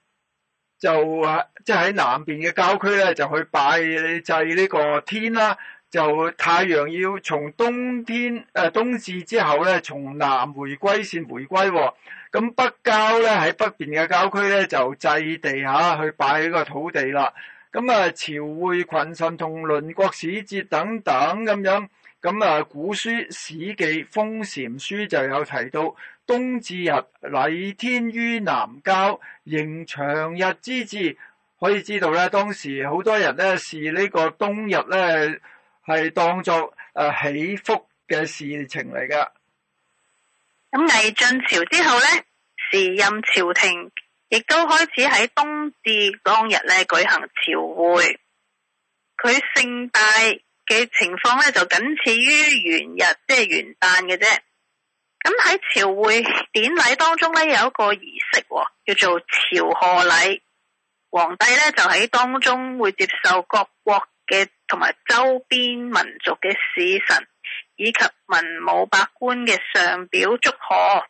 就係即喺南邊嘅郊區咧，就去拜祭呢個天啦。就太陽要從冬天誒、啊、冬至之後咧，從南迴歸線迴歸喎、哦。咁、嗯、北郊咧，喺北邊嘅郊區咧，就祭地下去擺呢個土地啦。咁、嗯、啊，朝會群臣同鄰國使節等等咁樣。咁、嗯、啊，古書《史記》《封禪書》就有提到冬至日禮天於南郊，迎長日之至。可以知道咧，當時好多人咧視呢個冬日咧。係當作誒喜福嘅事情嚟噶。咁魏晉朝之後呢，時任朝廷亦都開始喺冬至當日咧舉行朝會。佢盛大嘅情況咧就僅次於元日，即係元旦嘅啫。咁喺朝會典禮當中咧有一個儀式、哦，叫做朝賀禮。皇帝咧就喺當中會接受各國。嘅同埋周邊民族嘅使臣，以及文武百官嘅上表祝賀。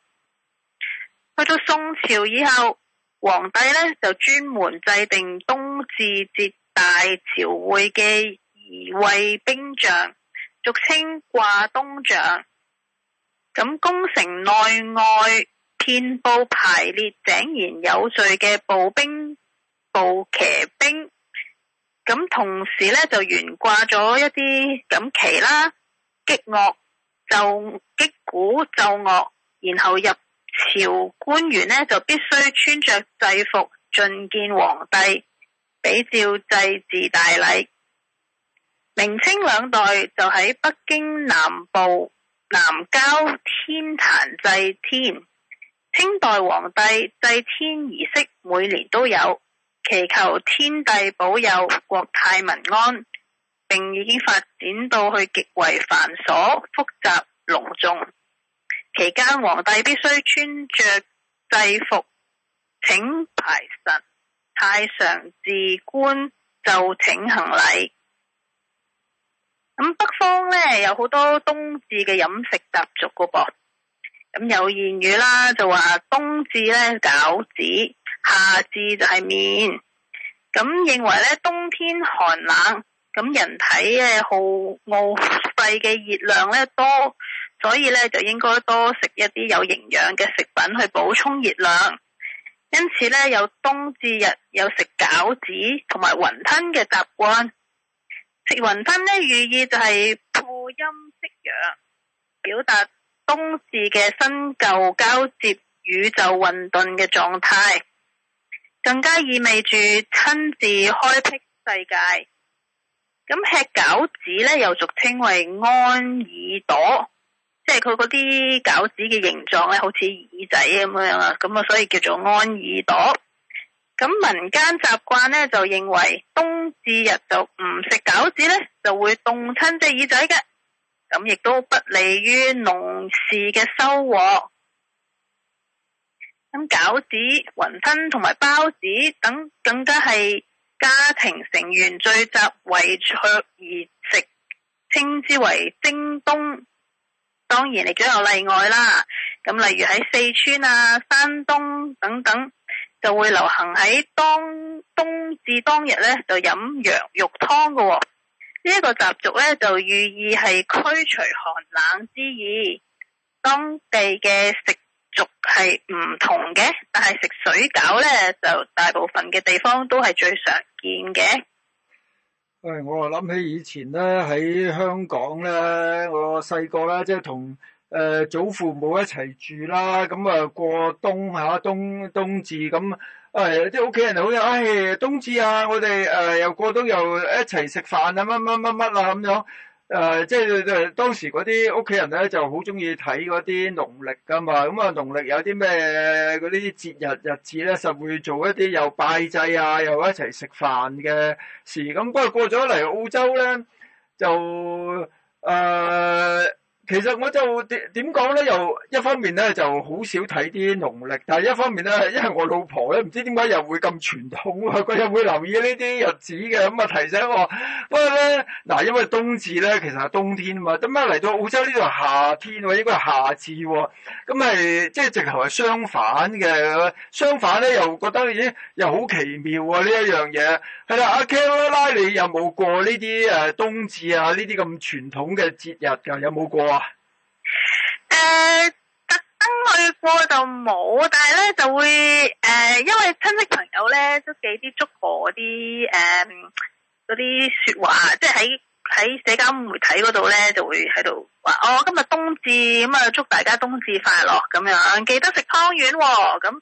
去到宋朝以後，皇帝呢就專門制定冬至節大朝會嘅儀衛兵仗，俗稱掛冬仗。咁宮城內外遍佈排列井然有序嘅步兵、步騎兵。咁同時咧，就懸掛咗一啲錦旗啦，擊樂奏擊鼓奏樂，然後入朝官員呢，就必須穿着制服進見皇帝，比照祭祀大禮。明清兩代就喺北京南部南郊天壇祭天，清代皇帝祭天儀式每年都有。祈求天帝保佑國泰民安，並已經發展到去極為繁瑣複雜隆重。期間皇帝必須穿着制服，請排神太常寺官就請行禮。咁北方呢，有好多冬至嘅飲食習俗噶噃，咁有諺語啦，就話冬至呢餃子。夏至就係麵，咁認為咧冬天寒冷，咁人體嘅耗耗費嘅熱量咧多，所以咧就應該多食一啲有營養嘅食品去補充熱量。因此咧有冬至日有食餃子同埋雲吞嘅習慣，食雲吞咧寓意就係破陰息陽，表達冬至嘅新舊交接、宇宙混沌嘅狀態。更加意味住親自開闢世界。咁吃餃子咧，又俗稱為安耳朵，即係佢嗰啲餃子嘅形狀咧，好似耳仔咁樣啦。咁啊，所以叫做安耳朵。咁民間習慣咧，就認為冬至日就唔食餃子咧，就會凍親隻耳仔嘅。咁亦都不利於農事嘅收穫。咁餃子、雲吞同埋包子等，更加係家庭成員聚集圍桌而食，稱之為蒸冬。當然，亦都有例外啦。咁例如喺四川啊、山東等等，就會流行喺當冬至當日呢就飲羊肉湯噶喎。呢、這、一個習俗呢，就寓意係驅除寒冷之意。當地嘅食。族係唔同嘅，但係食水餃咧，就大部分嘅地方都係最常見嘅。誒，我諗起以前咧喺香港咧，我細個咧即係同誒祖父母一齊住啦，咁啊過冬吓，冬冬至咁誒，啲屋企人好有，哎，冬至啊，我哋誒又過冬又一齊食飯啊，乜乜乜乜啊咁樣。誒、呃，即係當時嗰啲屋企人咧就好中意睇嗰啲農曆噶嘛，咁啊農曆有啲咩嗰啲節日日子咧，就會做一啲又拜祭啊，又一齊食飯嘅事。咁不過過咗嚟澳洲咧，就誒。呃其實我就點點講咧，又一方面咧就好少睇啲農曆，但係一方面咧，因為我老婆咧唔知點解又會咁傳統咯、啊，佢又會留意呢啲日子嘅，咁啊提醒我。不過咧，嗱，因為冬至咧其實係冬天嘛，咁樣嚟到澳洲呢度夏天喎，應該係夏至喎、啊，咁係即係直頭係相反嘅。相反咧又覺得咦又好奇妙啊呢一樣嘢。係啦，阿卡拉，你有冇過呢啲誒冬至啊？呢啲咁傳統嘅節日㗎？有冇過啊？誒、呃，特登去過就冇，但係咧就會誒、呃，因為親戚朋友咧都寄啲祝賀啲誒嗰啲說話，即係喺喺社交媒體嗰度咧就會喺度話哦，今日冬至咁啊、嗯，祝大家冬至快樂咁樣，記得食湯圓喎。咁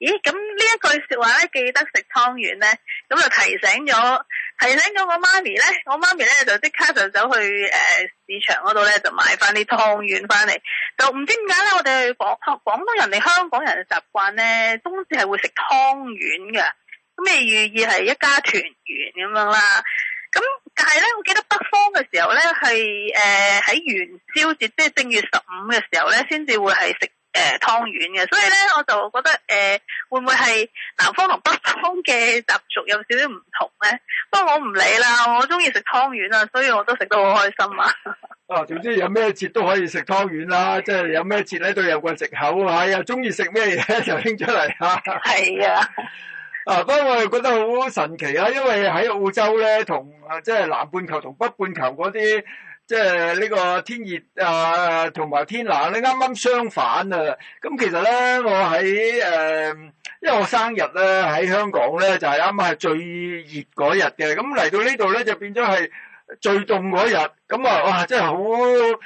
咦，咁呢一句說話咧，記得食湯圓咧，咁就提醒咗。提醒咗我媽咪咧，我媽咪咧就即刻就走去誒、呃、市場嗰度咧就買翻啲湯圓翻嚟。就唔知點解咧，我哋去廣廣東人哋香港人嘅習慣咧，冬至係會食湯圓㗎，咁嘅寓意係一家團圓咁樣啦。咁但係咧，我記得北方嘅時候咧係誒喺元宵節，即係正月十五嘅時候咧先至會係食。誒、呃，湯圓嘅，所以咧我就覺得誒、呃，會唔會係南方同北方嘅習俗有少少唔同咧？不過我唔理啦，我中意食湯圓啊，所以我都食得好開心啊哦！哦、 啊，總之有咩節都可以食湯圓啦、啊，即、就、係、是、有咩節咧都有個藉口吓，又中意食咩嘢就拎出嚟吓。係啊！哎、啊，不過是、啊啊、我係覺得好神奇啦、啊，因為喺澳洲咧，同即係南半球同北半球嗰啲。即係呢個天熱啊，同埋天冷咧，啱啱相反啊！咁其實咧，我喺誒，因為我生日咧喺香港咧，就係啱啱係最熱嗰日嘅，咁嚟到呢度咧就變咗係最凍嗰日，咁啊哇！真係好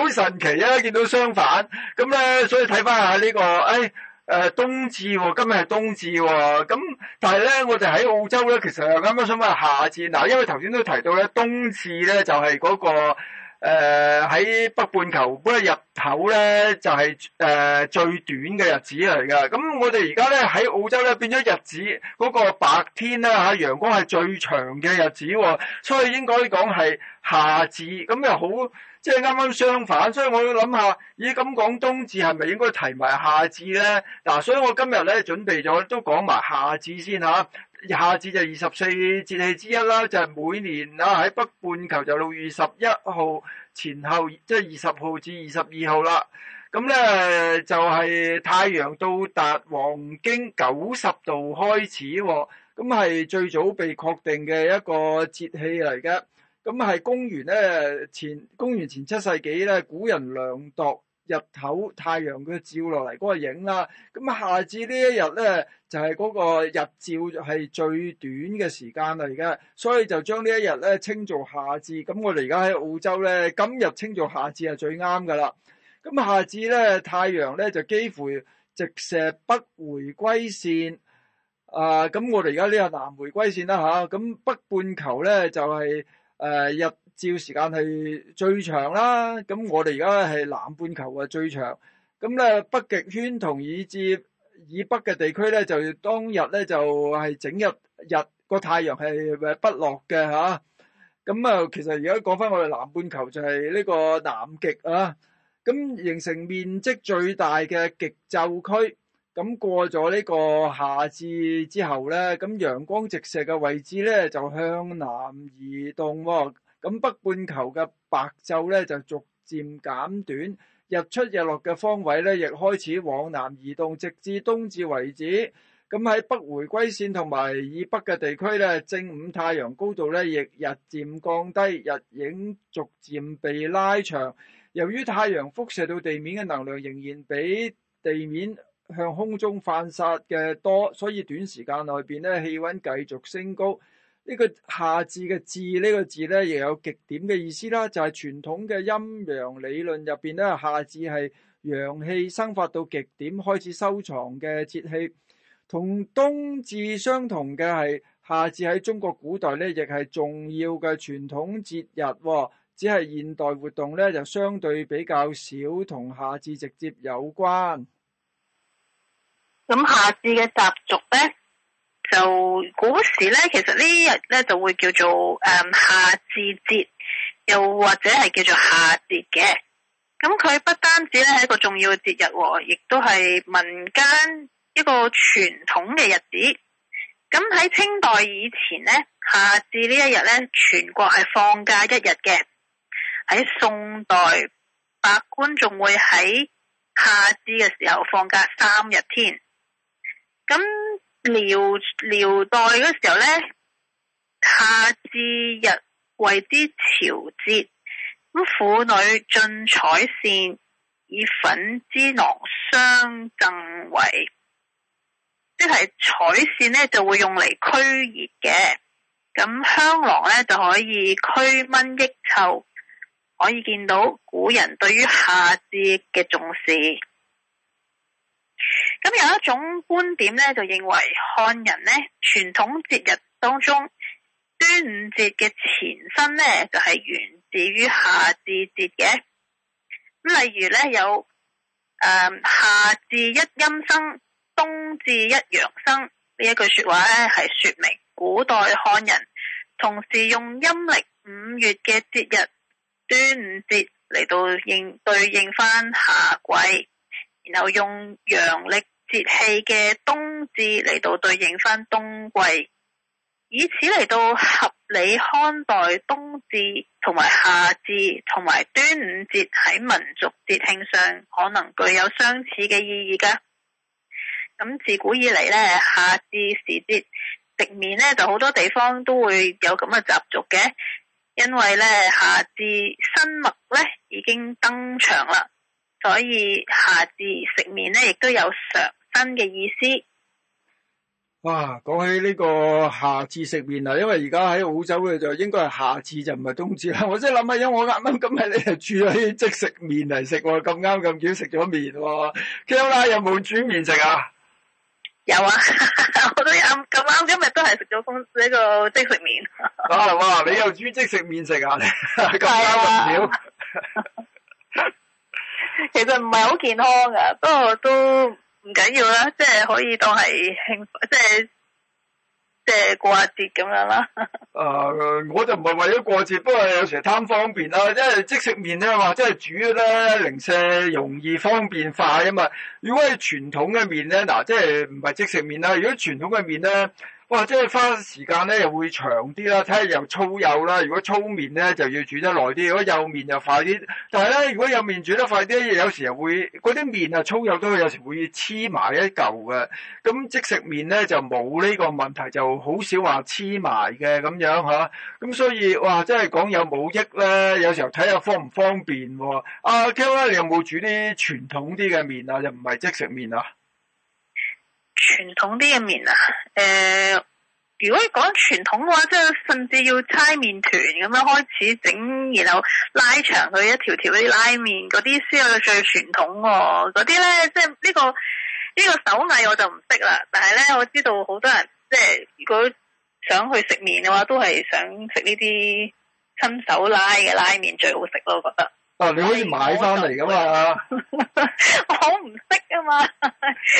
好神奇啊！見到相反，咁咧，所以睇返下呢個誒。誒、呃，冬至喎、哦，今日係冬至喎、哦，咁、嗯、但係咧，我哋喺澳洲咧，其實啱啱想問夏至，嗱、啊，因為頭先都提到咧，冬至咧就係、是、嗰、那個誒喺、呃、北半球嗰日頭咧就係、是、誒、呃、最短嘅日子嚟㗎，咁、嗯、我哋而家咧喺澳洲咧變咗日子嗰、那個白天咧吓陽光係最長嘅日子、哦，所以應該講係夏至，咁、嗯、又好。即係啱啱相反，所以我要諗下，咦咁講冬至係咪應該提埋夏至呢？嗱、啊，所以我今日咧準備咗都講埋夏至先嚇、啊。夏至就二十四節氣之一啦，就係、是、每年啊喺北半球就六月二十一號前後，即係二十號至二十二號啦。咁、嗯、咧就係、是、太陽到達黃經九十度開始喎、啊。咁係最早被確定嘅一個節氣嚟嘅。咁係公元咧前公元前七世紀咧，古人量度日頭太陽佢照落嚟嗰個影啦、啊。咁夏至呢一日咧就係、是、嗰個日照係最短嘅時間啦。而家所以就將呢一日咧稱做夏至。咁我哋而家喺澳洲咧，今日稱做夏至係最啱噶啦。咁夏至咧，太陽咧就幾乎直射北迴歸、呃、歸線啊。咁我哋而家呢個南迴歸線啦嚇，咁北半球咧就係、是。誒，日照時間係最長啦，咁我哋而家係南半球嘅最長，咁咧北極圈同以至以北嘅地區咧，就當日咧就係、是、整日日個太陽係唔係不落嘅吓，咁啊，其實而家講翻我哋南半球就係呢個南極啊，咁形成面積最大嘅極晝區。咁過咗呢個夏至之後呢，咁陽光直射嘅位置呢就向南移動喎。咁北半球嘅白晝呢就逐漸減短，日出日落嘅方位呢亦開始往南移動，直至冬至為止。咁喺北迴歸線同埋以北嘅地區呢，正午太陽高度呢亦日漸降低，日影逐漸被拉長。由於太陽輻射到地面嘅能量仍然比地面向空中犯撒嘅多，所以短時間內邊咧氣溫繼續升高。呢個夏至嘅至呢個字咧亦有極點嘅意思啦。就係傳統嘅陰陽理論入邊咧，夏至係陽氣生發到極點開始收藏嘅節氣。同冬至相同嘅，係夏至喺中國古代咧亦係重要嘅傳統節日，只係現代活動咧，就相對比較少同夏至直接有關。咁夏至嘅習俗咧，就古時咧，其實呢日咧就會叫做誒夏至節，又或者係叫做夏節嘅。咁佢不單止咧係一個重要嘅節日，哦，亦都係民間一個傳統嘅日子。咁喺清代以前咧，夏至呢一日咧，全國係放假一日嘅。喺宋代，百官仲會喺夏至嘅時候放假三日添。咁遼遼代嗰時候咧，夏至日為之朝節，咁婦女進綵扇，以粉之囊相贈為，即係綵扇咧就會用嚟驅熱嘅，咁香囊咧就可以驅蚊益臭，可以見到古人對於夏至嘅重視。咁有一種觀點咧，就認為漢人咧傳統節日當中，端午節嘅前身咧就係、是、源自於夏至節嘅。咁例如咧有誒、嗯、夏至一陰生，冬至一陽生呢一句説話咧，係説明古代漢人同時用陰曆五月嘅節日端午節嚟到應對應翻夏季，然後用陽曆。節氣嘅冬至嚟到對應翻冬季，以此嚟到合理看待冬至同埋夏至同埋端午節喺民族節慶上可能具有相似嘅意義㗎。咁自古以嚟呢，夏至時節食麵呢就好多地方都會有咁嘅習俗嘅，因為呢夏至生物呢已經登場啦，所以夏至食麵呢亦都有常。真嘅意思。哇，講起呢個夏至食麵啊，因為而家喺澳洲嘅就應該係夏至，就唔係冬至啦。我真係諗下，因為我啱啱今日你咧煮啲即食麵嚟食，咁啱咁巧食咗面。Kola 有冇煮麵食啊？有啊， 我都啱咁啱今日都係食咗豐呢個即食麵 哇，你又煮即食麵食啊？咁啱咁巧。 其實唔係好健康噶，不過都。唔緊要啦，即係可以當係慶，即係即係過下節咁樣啦。啊、 呃，我就唔係為咗過節，不過有時候貪方便啦，因為即食麵咧話即係煮咗咧，零舍容易方便快啊嘛。如果係傳統嘅麵咧，嗱，即係唔係即食麵啦，如果傳統嘅麵咧。哇！即係花時間咧又會長啲啦，睇下又粗幼啦。如果粗麵咧就要煮得耐啲，如果幼麵就快啲。但係咧，如果幼麵煮得快啲，有時又會嗰啲麵啊粗幼都，有時會黐埋一嚿嘅。咁即食麵咧就冇呢個問題，就好少話黐埋嘅咁樣吓。咁、啊、所以哇，即係講有冇益咧，有時候睇下方唔方便喎、啊。阿姜啦，Kale，你有冇煮啲傳統啲嘅麵啊？又唔係即食麵啊？傳統啲嘅麵啊，誒、呃，如果講傳統嘅話，即係甚至要搓麵糰咁樣開始整，然後拉長佢一條條啲拉麵嗰啲先係最傳統喎。嗰啲呢，即係、呢、呢個呢、呢個手藝我就唔識啦。但係呢，我知道好多人即係如果想去食麵嘅話，都係想食呢啲親手拉嘅拉麵最好食咯，我覺得。啊！你可以買翻嚟噶嘛？ 我好唔識啊嘛，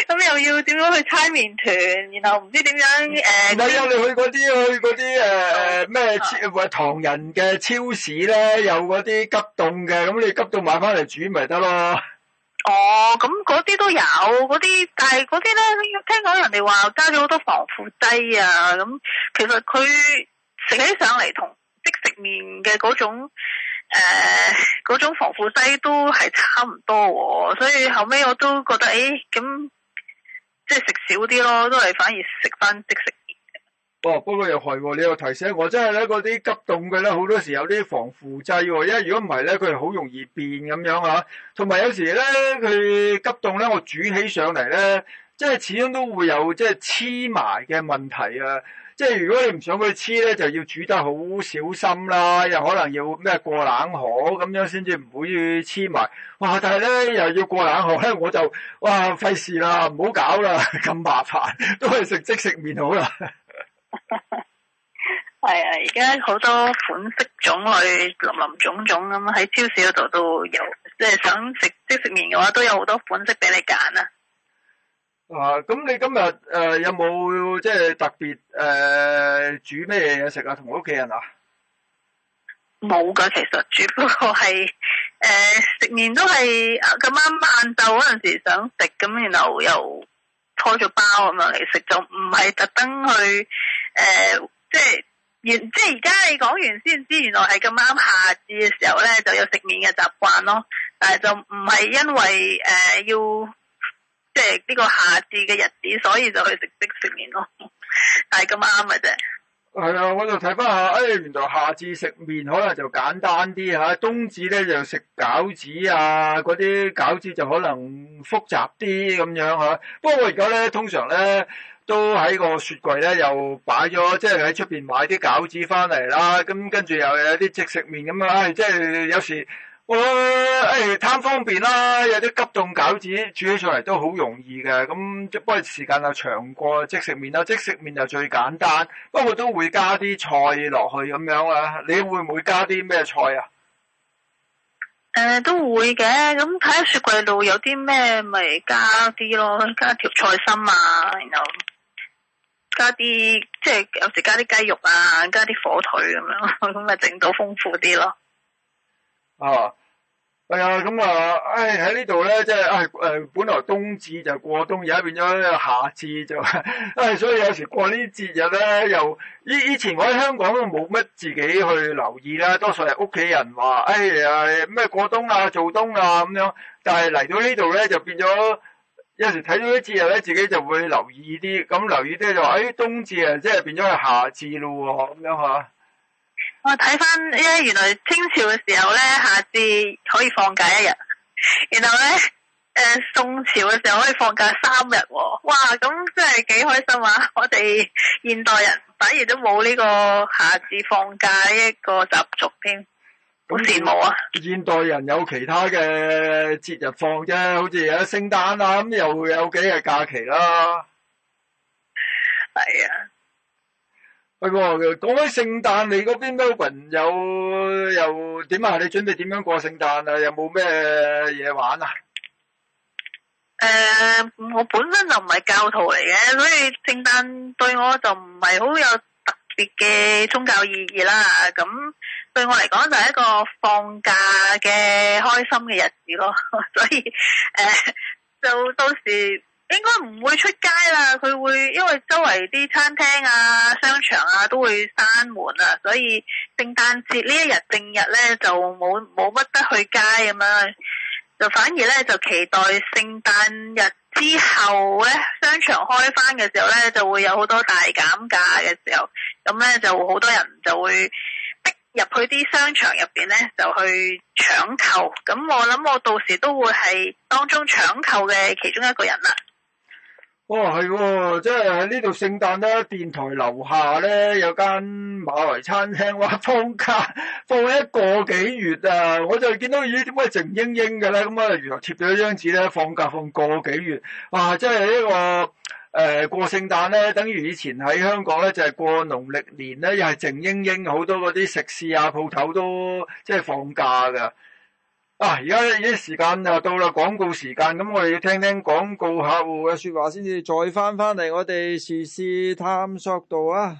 咁 又要點樣去猜麵團？然後唔知點樣誒？唔係啊！不煮你去嗰啲去嗰啲誒誒咩超誒唐人嘅超市咧，有嗰啲急凍嘅，咁你急凍買翻嚟煮咪得咯？哦，咁嗰啲都有，嗰啲但係嗰啲咧，聽講人哋話加咗好多防腐劑啊！咁其實佢食起上嚟同即食麵嘅嗰種。誒，嗰、呃、種防腐劑都係差唔多，所以後尾我都覺得誒，咁、哎、即係食少啲咯，都係反而食翻即食。哦，不過又係喎，你又提醒我，真係咧，嗰啲急凍嘅咧，好多時有啲防腐劑，因為如果唔係咧，佢係好容易變咁樣啊。同埋有，有時咧，佢急凍咧，我煮起上嚟咧，即係始終都會有即係黐埋嘅問題啊。即係如果你唔想佢黐咧，就要煮得好小心啦。又可能要咩過冷河咁樣，先至唔會黐埋。哇！但係咧又要過冷河咧，我就哇費事啦，唔好搞啦，咁麻煩，都係食即食麵好啦。係啊，而家好多款式種類林林種種咁喺超市嗰度都有。即係想食即食麵嘅話，都有好多款式俾你揀啊。啊，咁你今日誒、呃、有冇即係特別誒、呃、煮咩嘢食啊？同屋企人啊？冇噶，其實煮不過係誒、呃、食麵都係咁啱晏晝嗰陣時想食，咁然後又拖咗包咁樣嚟食，就唔係特登去誒、呃、即係而即係而家你講完先知，原來係咁啱夏至嘅時候咧就有食麵嘅習慣咯。但係就唔係因為誒、呃、要。即係呢個夏至嘅日子，所以就去食即食麵咯，但係咁啱嘅啫。係 啊，我就睇翻下，誒、哎，原來夏至食麵可能就簡單啲吓，冬至咧就食餃子啊，嗰啲餃子就可能複雜啲咁樣吓。不過我而家咧，通常咧都喺個雪櫃咧又擺咗，即係喺出邊買啲餃子翻嚟啦，咁跟住又有啲即食麵咁啊，即係有時。我誒、哎、貪方便啦，有啲急凍餃子煮起上嚟都好容易嘅，咁不過時間又長過即食麵啦。即食麵就最簡單，不過都會加啲菜落去咁樣啊，你會唔會加啲咩菜啊？誒、呃、都會嘅，咁睇下雪櫃度有啲咩咪加啲咯，加條菜心啊，然後加啲即係有時加啲雞肉啊，加啲火腿咁、啊、樣，咁咪整到豐富啲咯。啊，係、哎、啊，咁啊，唉、就是，喺呢度咧，即係唉，誒，本來冬至就過冬，而家變咗夏至就是，唉、哎，所以有時過節呢啲節日咧，又以以前我喺香港都冇乜自己去留意啦，多數係屋企人話，哎呀，咩、哎、過冬啊，做冬啊咁樣，但係嚟到呢度咧，就變咗有時睇到啲節日咧，自己就會留意啲，咁留意啲就話，誒、哎，冬至啊，即係變咗係夏至咯，咁樣吓。我睇翻咧，原來清朝嘅時候咧，夏至可以放假一日，然後咧，誒、呃，宋朝嘅時候可以放假三日喎、啊。哇，咁真係幾開心啊！我哋現代人反而都冇呢個夏至放假呢一個習俗添，好羨慕啊！現代人有其他嘅節日放啫，好似有聖誕啦，咁又有幾日假期啦。係啊。係喎，講起聖誕，你嗰邊都有人，又點啊？你準備點樣過聖誕啊？有冇咩嘢玩啊？誒，我本身就唔係教徒嚟嘅，所以聖誕對我就唔係好有特別嘅宗教意義啦。咁對我嚟講，就係一個放假嘅開心嘅日子咯。所以誒，就到時。應該唔會出街啦，佢會因為周圍啲餐廳啊、商場啊都會閂門啊，所以聖誕節呢一日正日咧就冇冇乜得去街咁樣，就反而咧就期待聖誕日之後咧商場開翻嘅時候咧就會有好多大減價嘅時候，咁、嗯、咧就好多人就會逼入去啲商場入邊咧就去搶購，咁我諗我到時都會係當中搶購嘅其中一個人啦。哦，話係喎，即係喺呢度聖誕咧，電台樓下咧有間馬來餐廳哇，放假放一個幾月啊！我就見到咦，點解靜英英嘅咧？咁啊，原來貼咗一張紙咧，放假放個幾月。哇、啊！即係、呃、呢個誒過聖誕咧，等於以前喺香港咧就係、是、過農曆年咧，又係靜英英，好多嗰啲食肆啊鋪頭都即係放假噶。啊！而家呢啲時間又到啦，廣告時間。咁我哋要聽聽廣告客戶嘅説話先至，再返返嚟我哋時事探索度啊！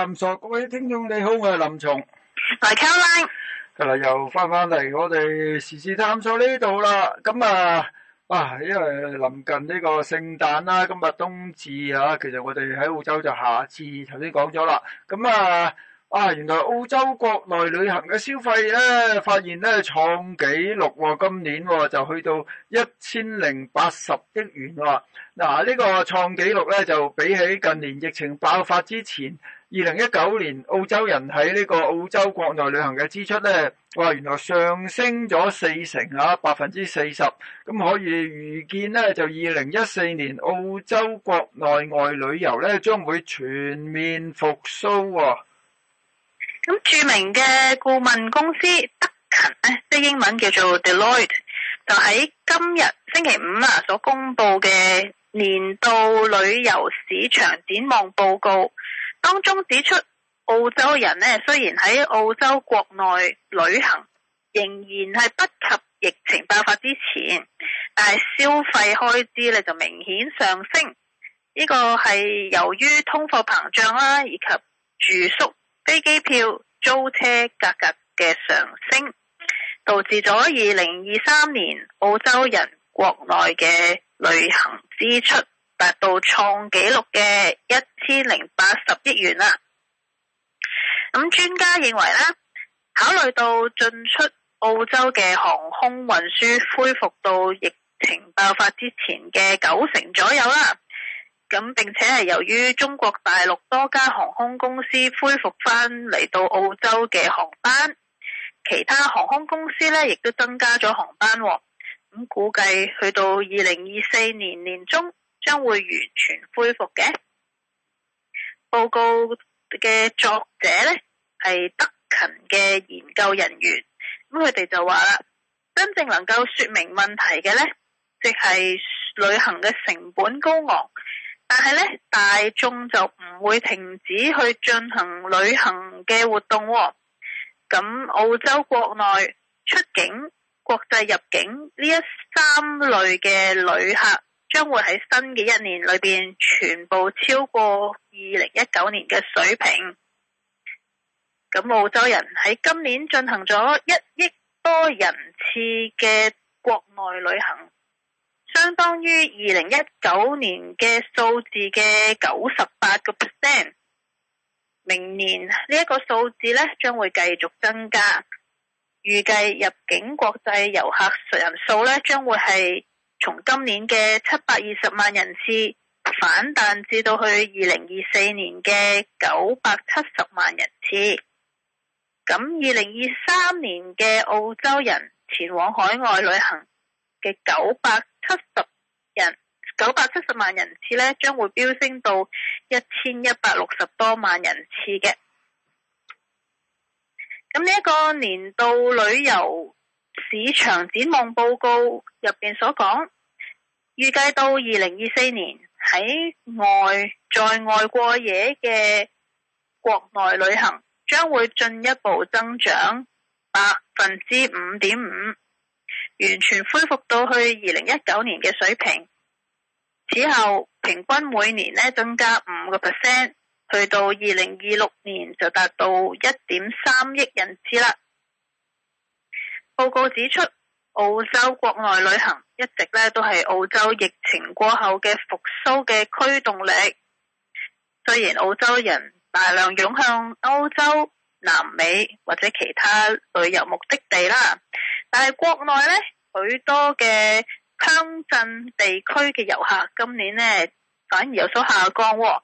探索，各位聽眾你好，我係林松，大家好啦，咁啊又翻翻嚟我哋時事探索呢度啦。咁啊啊，因為臨近呢個聖誕啦，今日冬至啊，其實我哋喺澳洲就下次頭先講咗啦。咁啊啊，原來澳洲國內旅行嘅消費咧，發現咧創紀錄，今年就去到一千零八十億元。嗱，呢個創紀錄咧，就比起近年疫情爆發之前。二零一九年澳洲人喺呢個澳洲國內旅行嘅支出呢，哇，原來上升咗四成吓，百分之四十。咁、啊、可以預見呢，就二零一四年澳洲國內外旅遊呢，將會全面復蘇、啊。咁著名嘅顧問公司德勤咧，即英文叫做 Deloitte，就喺今日星期五啊所公布嘅年度旅遊市場展望報告。當中指出，澳洲人咧雖然喺澳洲國內旅行仍然係不及疫情爆發之前，但係消費開支咧就明顯上升。呢個係由於通貨膨脹啦、啊，以及住宿、飛機票、租車價格嘅上升，導致咗二零二三年澳洲人國內嘅旅行支出。達到創紀錄嘅一千零八十億元啦。咁專家認為呢，考慮到進出澳洲嘅航空運輸恢復到疫情爆發之前嘅九成左右啦，咁並且係由於中國大陸多家航空公司恢復返嚟到澳洲嘅航班，其他航空公司呢亦都增加咗航班。咁估計去到二零二四年年中。將會完全恢復嘅報告嘅作者呢，係德勤嘅研究人員，咁佢哋就話啦，真正能夠說明問題嘅呢，即係旅行嘅成本高昂，但係呢，大眾就唔會停止去進行旅行嘅活動喎。咁澳洲國內出境、國際入境呢一三類嘅旅客。將會喺新嘅一年裏邊，全部超過二零一九年嘅水平。咁澳洲人喺今年進行咗一億多人次嘅國內旅行，相當於二零一九年嘅數字嘅九十八個 percent。明年呢一個數字咧將會繼續增加，預計入境國際遊客人數咧將會係。從今年嘅七百二十萬人次反彈至到去二零二四年嘅九百七十萬人次，咁二零二三年嘅澳洲人前往海外旅行嘅九百七十人，九百七十萬人次咧，將會飆升到一千一百六十多萬人次嘅。咁呢一個年度旅遊。市場展望報告入邊所講，預計到二零二四年喺外在外，在外過夜過夜嘅國內旅行將會進一步增長百分之五點五，完全恢復到去二零一九年嘅水平。此後平均每年呢增加五個 percent，去到二零二六年就達到一點三億人次啦。報告指出，澳洲國內旅行一直咧都係澳洲疫情過後嘅復蘇嘅驅動力。雖然澳洲人大量湧向歐洲、南美或者其他旅遊目的地啦，但係國內咧許多嘅鄉鎮地區嘅遊客今年咧反而有所下降喎。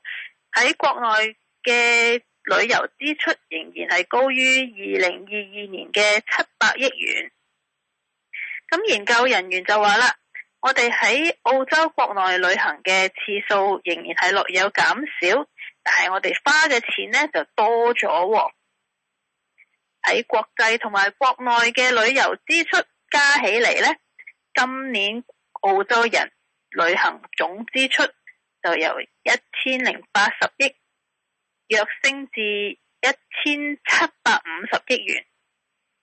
喺國內嘅。旅遊支出仍然係高於二零二二年嘅七百億元。咁研究人員就話啦，我哋喺澳洲國內旅行嘅次數仍然係略有減少，但係我哋花嘅錢呢就多咗喎、哦。喺國際同埋國內嘅旅遊支出加起嚟呢，今年澳洲人旅行總支出就由一千零八十億。約升至一千七百五十億元，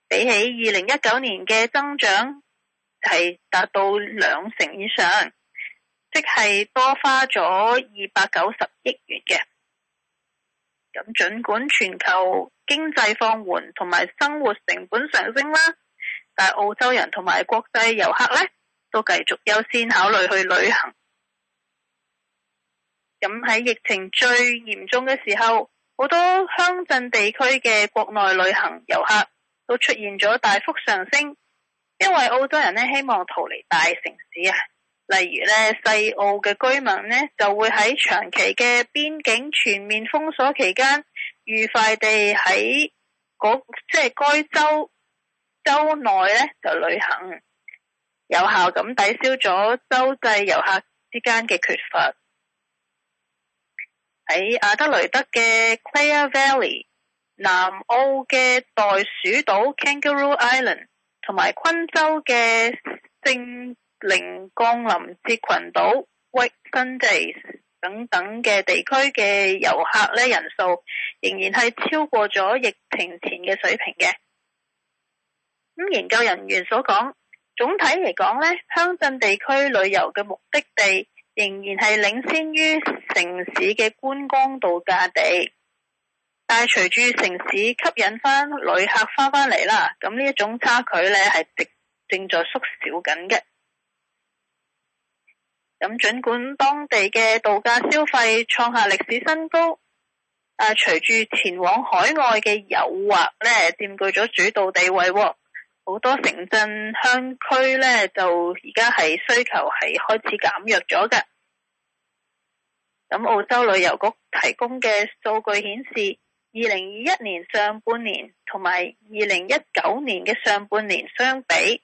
比起二零一九年嘅增長係達到兩成以上，即係多花咗二百九十億元嘅。咁盡管全球經濟放緩同埋生活成本上升啦，但澳洲人同埋國際遊客呢都繼續優先考慮去旅行。咁喺、嗯、疫情最嚴重嘅時候，好多鄉鎮地區嘅國內旅行遊客都出現咗大幅上升，因為澳洲人呢希望逃離大城市啊，例如咧西澳嘅居民呢就會喺長期嘅邊境全面封鎖期間，愉快地喺嗰即係該州州內咧就旅行，有效咁抵消咗州際遊客之間嘅缺乏。喺阿德萊德嘅 Clare Valley、南澳嘅袋鼠島 Kangaroo Island、同埋昆州嘅聖靈降臨節群島 Whitsundays 等等嘅地區嘅遊客咧人數，仍然係超過咗疫情前嘅水平嘅。咁研究人員所講，總體嚟講咧，鄉鎮地區旅遊嘅目的地仍然係領先於。城市嘅觀光度假地，但係隨住城市吸引返旅客翻返嚟啦，咁呢一種差距呢係正在縮小緊嘅。咁盡管當地嘅度假消費創下歷史新高，誒，隨住前往海外嘅誘惑呢佔據咗主導地位，哦，好多城鎮鄉區呢，就而家係需求係開始減弱咗嘅。咁澳洲旅遊局提供嘅數據顯示，二零二一年上半年同埋二零一九年嘅上半年相比，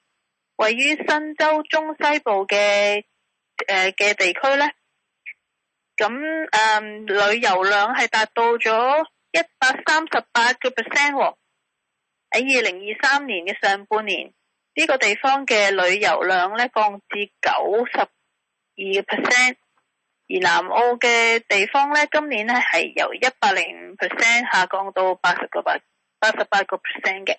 位於新州中西部嘅誒嘅地區呢，咁誒、呃、旅遊量係達到咗一百三十八個 percent 喎。喺二零二三年嘅上半年，呢、這個地方嘅旅遊量呢降至九十二 percent。而南澳嘅地方咧，今年咧係由一百零五 percent 下降到八十個八八十八個 percent 嘅、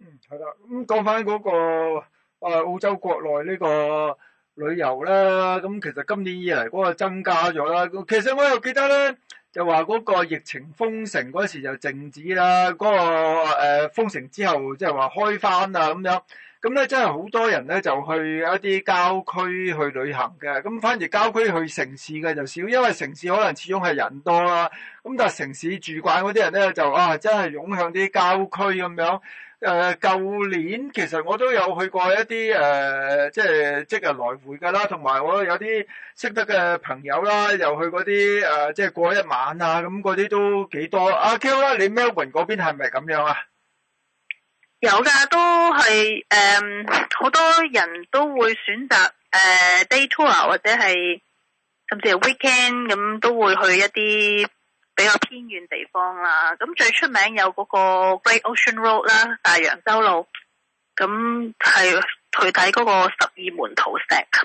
嗯。嗯，係啦、嗰個。咁講翻嗰個澳洲國內呢個旅遊啦，咁、嗯、其實今年以嚟嗰個增加咗啦。其實我又記得咧，就話嗰個疫情封城嗰時就靜止啦，嗰、嗰個、呃、封城之後即係話開翻啊咁樣。咁咧，真係好多人咧就去一啲郊區去旅行嘅，咁反而郊區去城市嘅就少，因為城市可能始終係人多啦。咁但係城市住慣嗰啲人咧就啊，真係湧向啲郊區咁樣。誒，舊年其實我都有去過一啲誒，即係即日來回㗎啦，同埋我有啲識得嘅朋友啦，又去嗰啲誒，即係過一晚啊，咁嗰啲都幾多。阿 Q 啦，你 Melbourne 嗰邊係咪咁樣啊？有噶，都係誒好多人都會選擇誒、呃、day tour 或者係甚至係 weekend 咁、嗯，都會去一啲比較偏遠地方啦。咁、嗯、最出名有個 Great Ocean Road 啦，大洋洲路，咁、嗯、係去睇個十二門徒石。咁、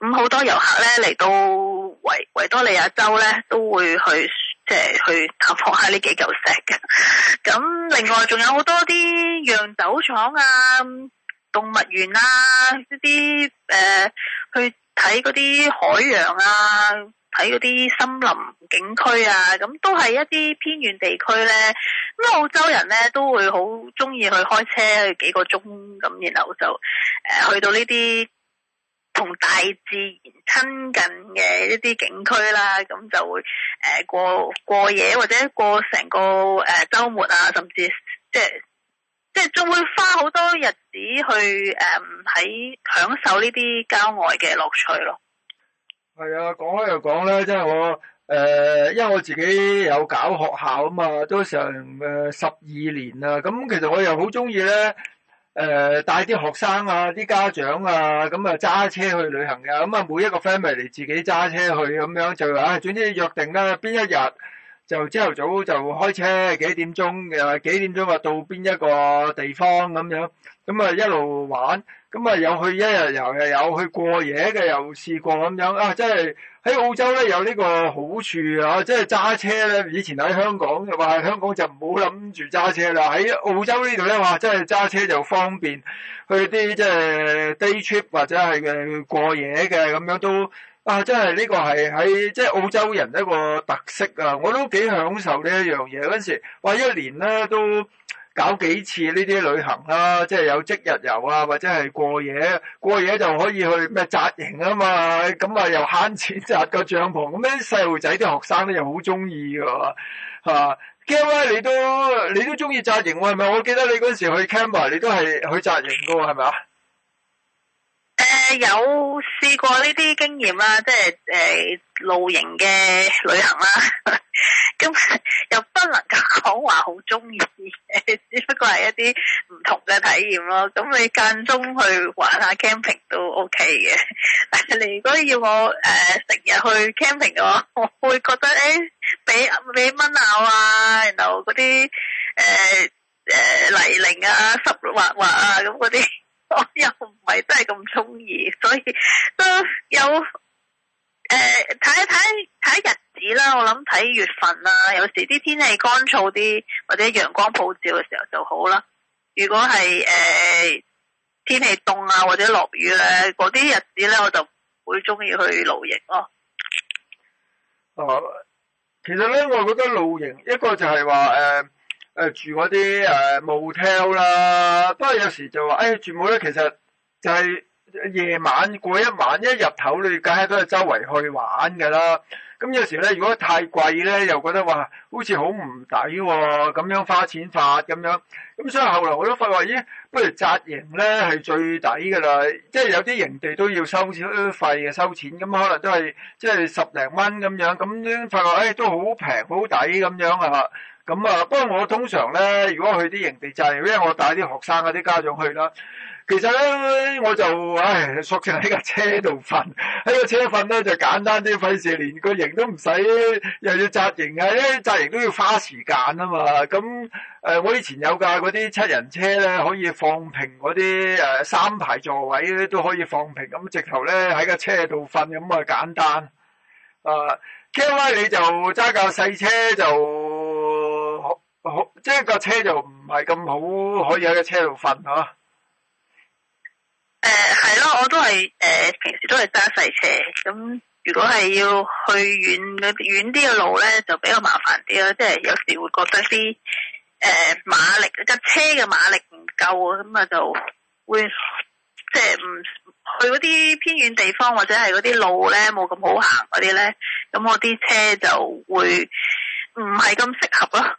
嗯、好多遊客咧嚟到維維多利亞州咧，都會去。即係去探訪下呢幾嚿石嘅，咁 另外仲有好多啲釀酒廠啊、動物園啊、一啲誒去睇嗰啲海洋啊、睇嗰啲森林景區啊，咁都係一啲偏遠地區咧。咁澳洲人咧都會好中意去開車去幾個鐘咁，然後就誒、呃、去到呢啲。同大自然親近嘅一啲景區啦，咁就會誒、呃、過過夜或者過成個誒周、呃、末啊，甚至即係即係仲會花好多日子去誒喺、呃、享受呢啲郊外嘅樂趣咯。係啊，講開又講咧，即係我誒、呃，因為我自己有搞學校啊嘛，都成誒十二年啦，咁其實我又好中意咧。誒，帶啲、呃、學生啊，啲家長啊，咁啊揸車去旅行嘅，咁啊每一個 family 嚟自己揸車去，咁樣就話啊，總之約定啦，邊一日就朝頭早就開車幾鐘，幾點鐘又幾點鐘啊，到邊一個地方咁樣，咁啊一路玩，咁啊有去一日遊又有去過夜嘅，又試過咁樣啊，真係～喺澳洲咧有呢個好處啊，即係揸車咧。以前喺香港話，香港就唔好諗住揸車啦。喺澳洲呢度咧話，即係揸車就方便。去啲即係 day trip 或者係嘅過夜嘅咁樣都啊，真係呢個係喺即係澳洲人一個特色啊！我都幾享受呢一樣嘢嗰陣時，話，一年咧都～搞幾次呢啲旅行啦、啊，即係有即日遊啊，或者係過夜，過夜就可以去咩紮營啊嘛，咁啊又慳錢紮個帳篷，咁啲細路仔啲學生咧又好中意㗎喎，嚇、啊。Camper、啊、你都你都中意紮營喎、啊，係咪？我記得你嗰陣時去 Camper 你都係去紮營㗎喎，係咪啊？誒、呃，有試過呢啲經驗啦、啊，即係誒。呃露營嘅旅行啦，咁又不能夠講話好中意，只不過係一啲唔同嘅體驗咯。咁你間中去玩下 camping 都 ok 嘅，但係你如果要我誒成日去 camping 嘅話，我會覺得誒俾俾蚊咬啊，然後嗰啲誒誒泥濘啊、濕滑滑啊咁嗰啲，我又唔係真係咁中意，所以都有。誒，睇睇睇日子啦，我諗睇月份啦。有時啲天氣乾燥啲，或者陽光普照嘅時候就好啦。如果係誒、呃、天氣凍啊，或者落雨咧，嗰啲日子咧，我就會中意去露營咯。哦、啊，其實咧，我覺得露營一個就係話誒誒住嗰啲誒、呃、Motel 啦，不過有時就話誒、哎、住冇咧，其實就係、是。夜晚過一晚，一入頭你梗係都係周圍去玩噶啦。咁有時咧，如果太貴咧，又覺得話好似好唔抵喎，咁樣花錢法咁樣。咁所以後來我都發覺，咦，不如紮營咧係最抵噶啦。即係有啲營地都要收收費，收錢咁可能都係即係十零蚊咁樣。咁發覺誒、哎、都好平好抵咁樣啊。咁啊，不過我通常咧，如果去啲營地紮營，因為我帶啲學生啊，啲家長去啦。其實咧，我就唉，索性喺架車度瞓。喺個車瞓咧就簡單啲，費事連個營都唔使，又要紮營啊！紮營都要花時間啊嘛。咁誒，我以前有架嗰啲七人車咧，可以放平嗰啲誒三排座位咧，都可以放平。咁直頭咧喺架車度瞓，咁啊簡單。誒，K Y，你就揸架細車就好好，即係架車就唔係咁好，可以喺架車度瞓嚇。誒，係咯、呃，我都係誒、呃，平時都係揸細車。咁如果係要去遠遠啲嘅路咧，就比較麻煩啲咯。即係有時會覺得啲誒、呃、馬力架車嘅馬力唔夠，咁啊就會即係唔去嗰啲偏遠地方，或者係嗰啲路咧冇咁好行嗰啲咧，咁我啲車就會唔係咁適合咯。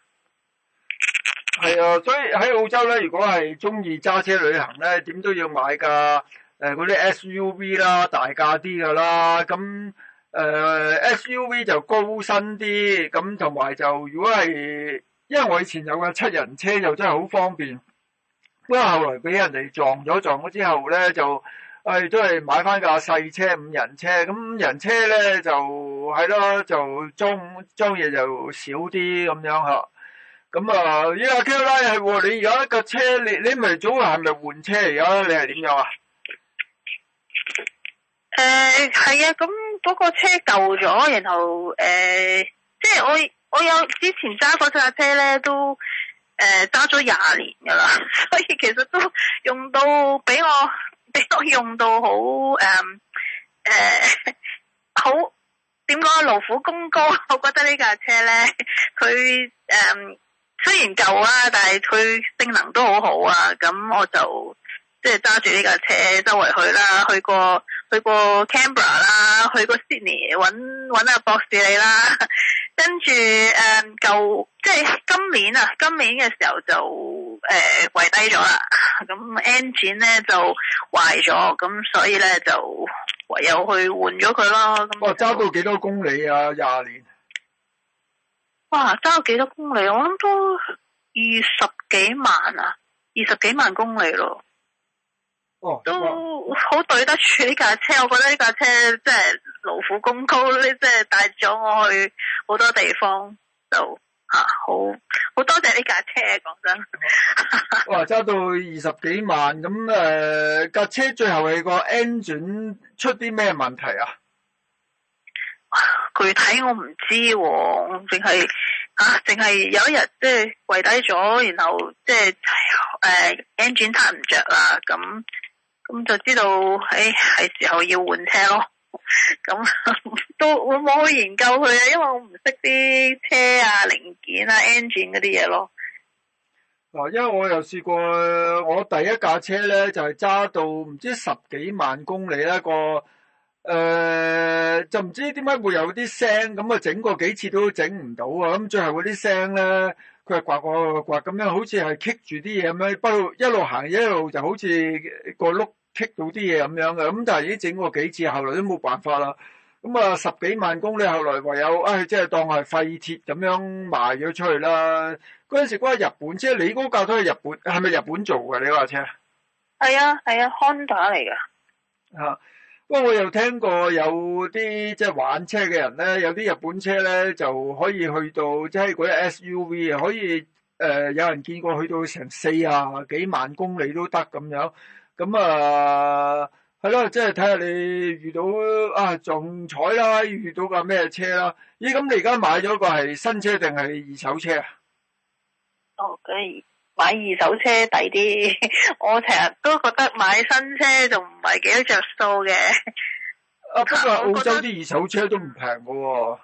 係啊，所以喺澳洲咧，如果係中意揸車旅行咧，點都要買噶，誒、呃、嗰啲 SUV 啦，大架啲噶啦，咁誒、呃、SUV 就高身啲，咁同埋就如果係，因為我以前有架七人車，就真係好方便。不過後來俾人哋撞咗撞咗之後咧，就係、哎、都係買翻架細車，五人車，咁五人車咧就係咯，就裝裝嘢就少啲咁樣吓。咁啊，依、yeah, 家 Kia 係、哦、你有一架車你你咪早係咪換車嚟㗎？你係點樣、呃、啊？誒、嗯，係啊，咁嗰個車舊咗，然後誒、呃，即係我我有之前揸嗰架車咧，都誒揸咗廿年噶啦，所以其實都用到俾我俾我用到好誒誒，好點講啊？勞苦功高，我覺得呢架車咧，佢誒。呃雖然舊啦、啊，但係佢性能都好好啊，咁、嗯、我就即係揸住呢架車周圍去啦，去過去過 Canberra 啦，去過 Sydney 揾揾阿博士你啦，跟住誒、嗯、舊即係今年啊，今年嘅時候就誒跪低咗啦，咁 engine 咧就壞咗，咁、嗯、所以咧就唯有去換咗佢啦。我、嗯、揸、哦、到幾多公里啊？廿年？哇，揸咗幾多公里？我諗都二十幾萬啊，二十幾萬公里咯。哦，都好對得住呢架車。我覺得呢架車即係勞苦功高咧，即係帶咗我去好多地方，就啊，好好多謝呢架車。講真， 哇，揸到二十幾萬咁誒，架、呃、車最後係個 engine 出啲咩問題啊？具體我唔知、哦，淨係啊，淨係有一日即係跪低咗，然後即係誒 engine 撻唔着啦，咁咁就知道誒係、哎、時候要換車咯。咁都我冇去研究佢啊，因為我唔識啲車啊零件、啊 engine 嗰啲嘢咯。嗱，因為我又試過我第一架車咧，就係、是、揸到唔知十幾萬公里一個。誒，uh, 就唔知點解會有啲聲，咁啊整過幾次都整唔到啊。咁最後嗰啲聲咧，佢係刮過刮過刮咁樣，好似係棘住啲嘢咁樣，不過一路行，一路就好似個轆棘到啲嘢咁樣嘅。咁但係已經整過幾次，後來都冇辦法啦。咁啊十幾萬公里，後來唯有，唉、哎，即係當係廢鐵咁樣賣咗出去啦。嗰陣時嗰個日本即係，你嗰架都係日本，係咪日、日本做噶？你話車？係啊係啊 Honda 嚟噶。啊。不過我有聽過有啲即係玩車嘅人咧，有啲日本車咧就可以去到即係嗰啲 SUV，可以誒、呃、有人見過去到成四啊幾萬公里都得咁樣，咁啊係咯，即係睇下你遇到啊仲彩啦，遇到架咩車啦？咦，咁你而家買咗個係新車定係二手車啊？哦，咁而。買二手車抵啲， 我成日都覺得買新車就唔係幾多着數嘅。 不過澳洲啲二手車都唔平噶喎。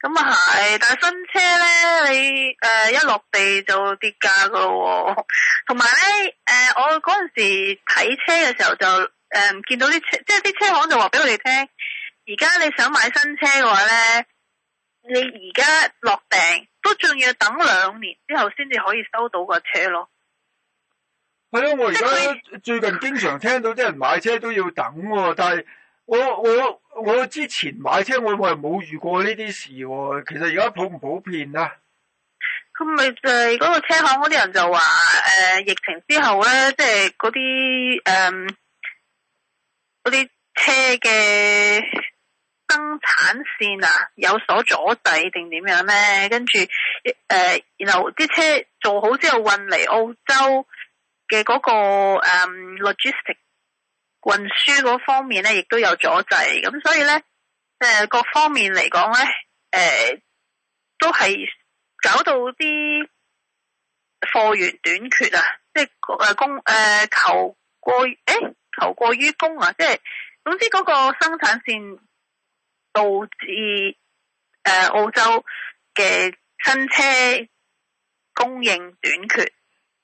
咁啊係，但係新車咧，你誒、呃、一落地就跌價噶咯喎。同埋咧，誒、呃、我嗰陣時睇車嘅時候就誒、呃、見到啲車，即係啲車行就話俾我哋聽，而家你想買新車嘅話咧，你而家落訂。都仲要等兩年之後先至可以收到個車咯。係啊， 我而家最近經常聽到啲人買車都要等喎、啊，但係我我我之前買車我係冇遇過呢啲事喎、啊。其實而家普唔普遍啊？咁咪就係嗰個車行嗰啲人就話誒、呃，疫情之後咧，即係嗰啲誒啲車嘅。生產線啊，有所阻滯定點樣咧？跟住誒、呃，然後啲車做好之後運嚟澳洲嘅嗰、那個誒、嗯、Logistics 運輸嗰方面咧，亦都有阻滯。咁所以咧，誒、呃，各方面嚟講咧，誒、呃，都係搞到啲貨源短缺啊！即係誒供誒求過誒求過於供、欸、啊！即係總之嗰個生產線。導致、呃、澳洲嘅新車供應短缺，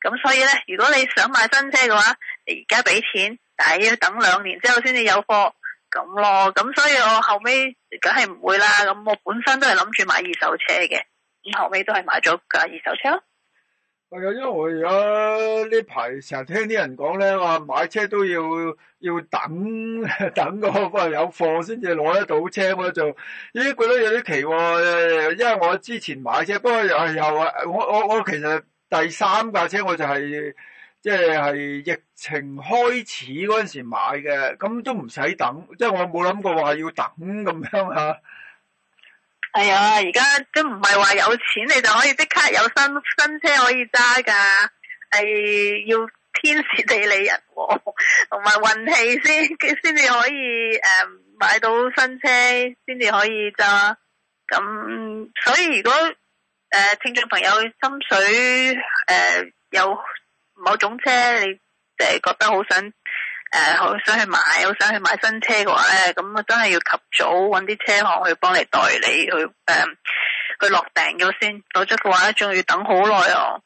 咁所以呢，如果你想買新車嘅話，你而家畀錢，但係要等兩年之後先至有貨咁咯。咁所以我後尾梗係唔會啦。咁我本身都係諗住買二手車嘅，咁後尾都係買咗架二手車咯。係啊，因為我而家呢排成日聽啲人講咧，話買車都要要等等個，唔係有貨先至攞得到車。我就咦覺得有啲奇，因為我之前買車，不過又又啊，我我我其實第三架車我就係即係疫情開始嗰陣時買嘅，咁都唔使等，即係我冇諗過話要等咁樣啊。係啊，而家、哎、都唔係話有錢你就可以即刻有新新車可以揸噶，係、哎、要天時地利人和同埋運氣先，先至可以誒、呃、買到新車，先至可以揸。咁、嗯、所以如果誒、呃、聽眾朋友心水誒、呃、有某種車，你誒覺得好想。誒，好、呃、想去買，好想去買新車嘅話咧，咁啊真係要及早揾啲車行去幫你代理去，誒、呃，去落訂咗先，否則嘅話咧，仲要等好耐哦。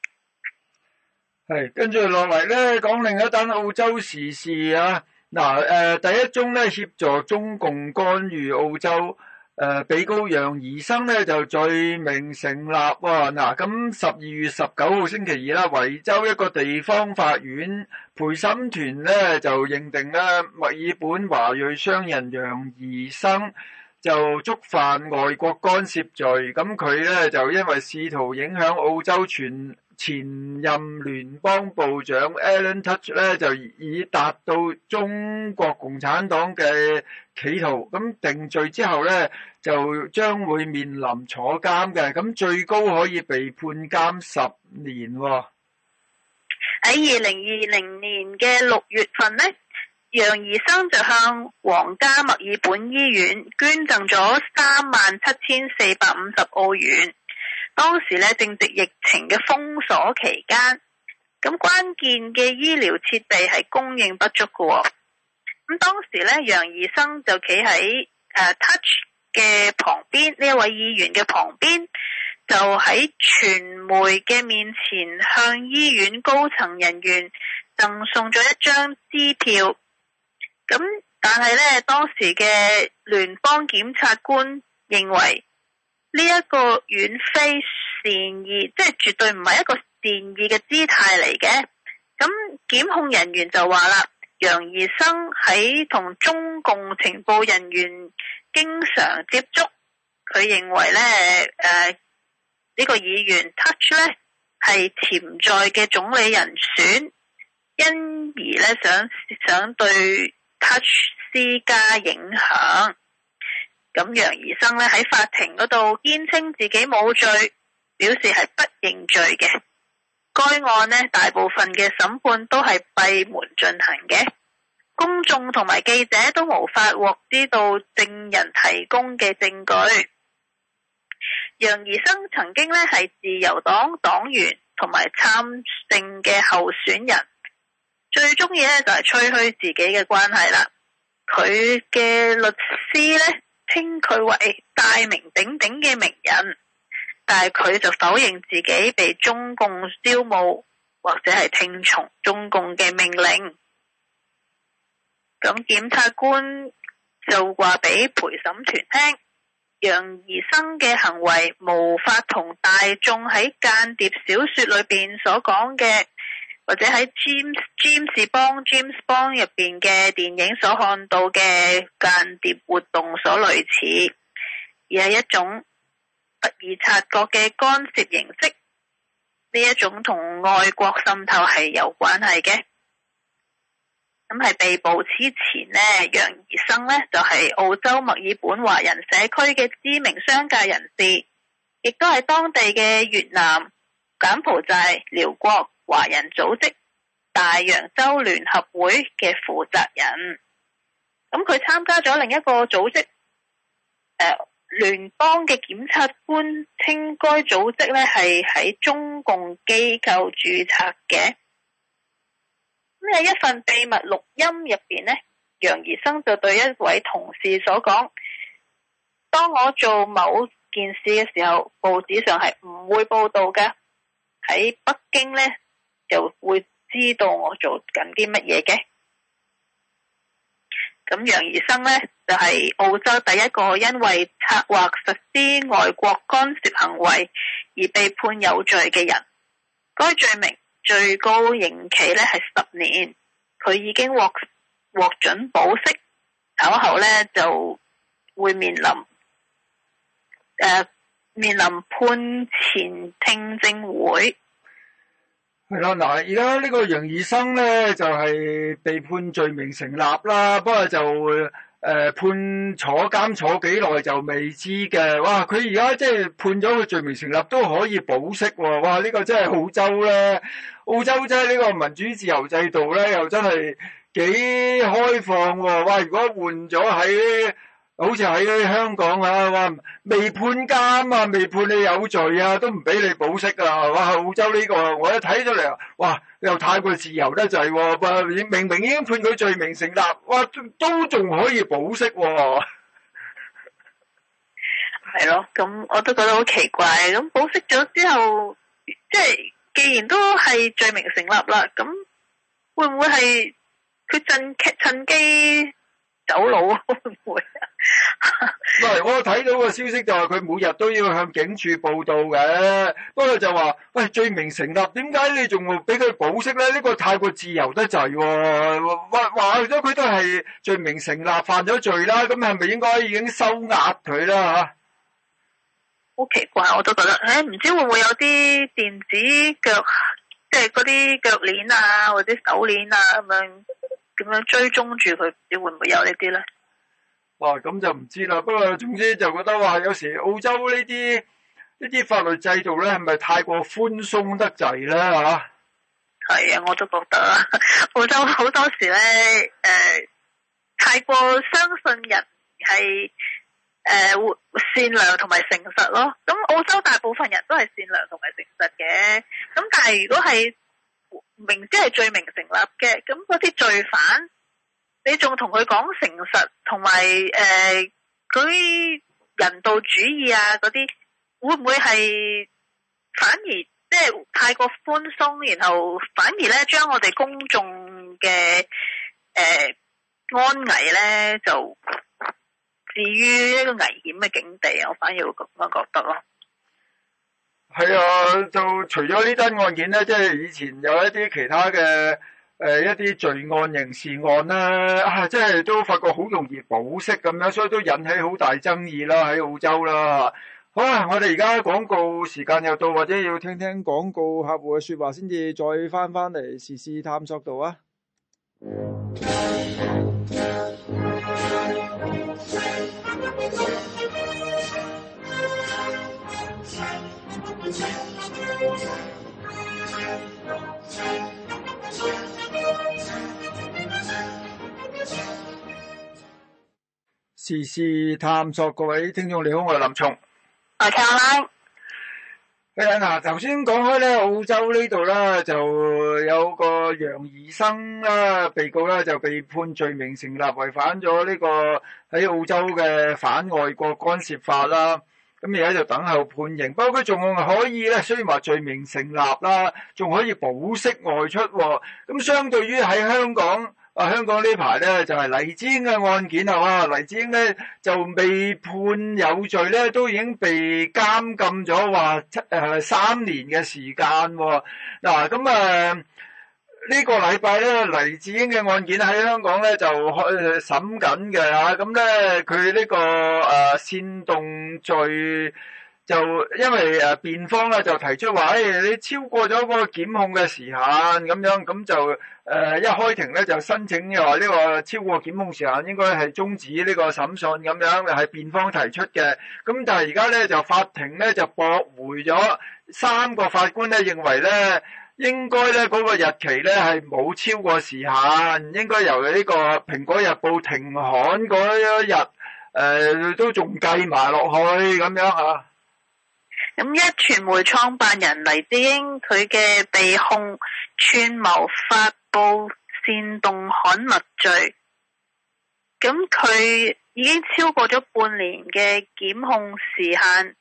係，跟住落嚟咧，講另一單澳洲時事啊。嗱，誒、呃，第一宗咧，協助中共干預澳洲，誒、呃，被告楊怡生咧就罪名成立喎、啊。嗱，咁十二月十九號星期二啦，維州一個地方法院。陪審團咧就認定咧，墨爾本華裔商人楊怡生，就觸犯外國干涉罪，咁佢咧就因為試圖影響澳洲前，前任聯邦部長 Alan Touch 咧，就以達到中國共產黨嘅企圖，咁定罪之後咧，就將會面臨坐監嘅，咁最高可以被判監十年喎、哦。喺二零二零年嘅六月份呢，楊怡生就向皇家墨爾本醫院捐贈咗三萬七千四百五十澳元，當時呢正值疫情嘅封鎖期間，咁關鍵嘅醫療設備係供應不足嘅、哦。咁當時呢，楊怡生就企喺，誒 Touch 嘅旁邊，呢一位議員嘅旁邊，就喺傳媒嘅面前向醫院高層人員贈送咗一張支票，咁但係咧，當時嘅聯邦檢察官認為呢一個遠非善意，即係絕對唔係一個善意嘅姿態嚟嘅。咁檢控人員就話啦，楊怡生喺同中共情報人員經常接觸，佢認為咧誒。呃呢個議員 Touch 咧，係潛在嘅總理人選，因而咧想想對 Touch 施加影響。咁楊怡生咧喺法庭嗰度堅稱自己冇罪，表示係不認罪嘅。該案呢大部分嘅審判都係閉門進行嘅，公眾同埋記者都無法獲知道證人提供嘅證據。楊怡生曾經呢係自由黨黨員同埋參政嘅候選人，最鍾意呢就係吹噓自己嘅關係啦。佢嘅律師呢，稱佢為大名鼎鼎嘅名人，但係佢就否認自己被中共招募或者係聽從中共嘅命令。咁檢察官就話俾陪審團聽。楊怡生嘅行為無法同大眾喺間諜小說裏邊所講嘅，或者喺 James James Bond James Bond 入邊嘅電影所看到嘅間諜活動所類似，而係一種不易察覺嘅干涉形式，呢一種同外國滲透係有關係嘅。咁係被捕之前呢，楊怡生呢就係澳洲墨爾本華人社區嘅知名商界人士，亦都係當地嘅越南、柬埔寨、寮國華人組織大洋洲聯合會嘅負責人。咁佢參加咗另一個組織，誒、呃，聯邦嘅檢察官稱該組織呢係喺中共機構註冊嘅。咁喺一份秘密錄音入邊呢，楊怡生就對一位同事所講：當我做某件事嘅時候，報紙上係唔會報道嘅。喺北京呢，就會知道我做緊啲乜嘢嘅。咁楊怡生呢，就係、是、澳洲第一個因為策劃實施外國干涉行為而被判有罪嘅人，該罪名，最高刑期咧係十年，佢已經獲獲准保釋，稍後咧就會面臨誒、呃、面臨判前聽證會。係啦，嗱，而家呢個楊怡生咧就係被判罪名成立啦，不過就會，誒、呃、判坐監坐幾耐就未知嘅。哇！佢而家即係判咗佢罪名成立，都可以保釋喎、哦，哇！呢、這個真係澳洲咧，澳洲真係呢個民主自由制度咧，又真係幾開放喎、哦，哇！如果換咗喺～好似喺香港啊，話未判監啊，未判你有罪啊，都唔俾你保釋噶。哇，澳洲呢個我一睇咗嚟啊，哇，又太過自由得滯，明明已經判佢罪名成立，哇，都仲可以保釋啊。係咯，咁我都覺得好奇怪。咁保釋咗之後，即係既然都係罪名成立啦，咁會唔會係佢趁趁機走佬？會唔會啊？ 唔 我睇到個消息就係佢每日都要向警署報到嘅。不過就話，喂罪名成立，點解你仲會俾佢保釋咧？呢、這個太過自由得滯。話咗佢都係罪名成立，犯咗罪啦，咁係咪應該已經收押佢啦？吓，好奇怪，我都覺得，誒、哎，唔知會唔會有啲電子腳，即係啲腳鏈啊，或者手鏈啊，咁樣，咁樣追蹤住佢，唔知會唔會有呢啲咧？啊，咁就唔知啦。不過總之就覺得話，有時澳洲呢啲呢啲法律制度咧，係咪太過寬鬆得滯咧？吓，係啊，我都覺得啊。澳洲好多時咧，誒、呃，太過相信人係誒、呃、善良同埋誠實咯。咁澳洲大部分人都係善良同埋誠實嘅。咁但係如果係明知係罪名成立嘅，咁嗰啲罪犯。你仲同佢講誠實同埋誒，佢啲、呃、人道主義啊嗰啲，會唔會係反而即係、呃、太過寬鬆，然後反而咧將我哋公眾嘅誒安危咧就置於一個危險嘅境地？我反而會咁樣覺得咯。係啊，就除咗呢單案件咧，即、就、係、是、以前有一啲其他嘅。誒、呃、一啲罪案、刑事案啦，啊，即係都發覺好容易保釋咁樣，所以都引起好大爭議啦喺澳洲啦。好啊，我哋而家廣告時間又到，或者要聽聽廣告客戶嘅説話先至，再翻翻嚟時事探索度啊。 時事探索，各位聽眾，你好，我係林松，大家好。誒，嗱，頭先講開咧，澳洲呢度啦，就有個楊怡生啦，被告啦就被判罪名成立，違反咗呢個喺澳洲嘅反外國干涉法啦。咁而家就等候判刑，不過佢仲可以咧，雖然話罪名成立啦，仲可以保釋外出。咁相對於喺香港。啊，香港呢排咧就係、是、黎智英嘅案件係嘛、啊，黎智英咧就未判有罪咧，都已經被監禁咗話七誒、呃、三年嘅時間嗱、哦，咁啊、呃這個、呢個禮拜咧黎智英嘅案件喺香港咧就開審緊嘅吓，咁咧佢呢、這個誒、呃、煽動罪。就因為誒辯方咧就提出話誒、哎、你超過咗嗰個檢控嘅時限咁樣咁就誒、呃、一開庭咧就申請又話呢個超過檢控時限應該係終止呢個審訊咁樣係辯方提出嘅，咁但係而家咧就法庭咧就駁回咗三個法官咧認為咧應該咧嗰個日期咧係冇超過時限，應該由呢個蘋果日報停刊嗰一日誒、呃、都仲計埋落去咁樣啊。咁一傳媒創辦人黎智英，佢嘅被控串謀發布煽動刊物罪，咁佢已經超過咗半年嘅檢控時限，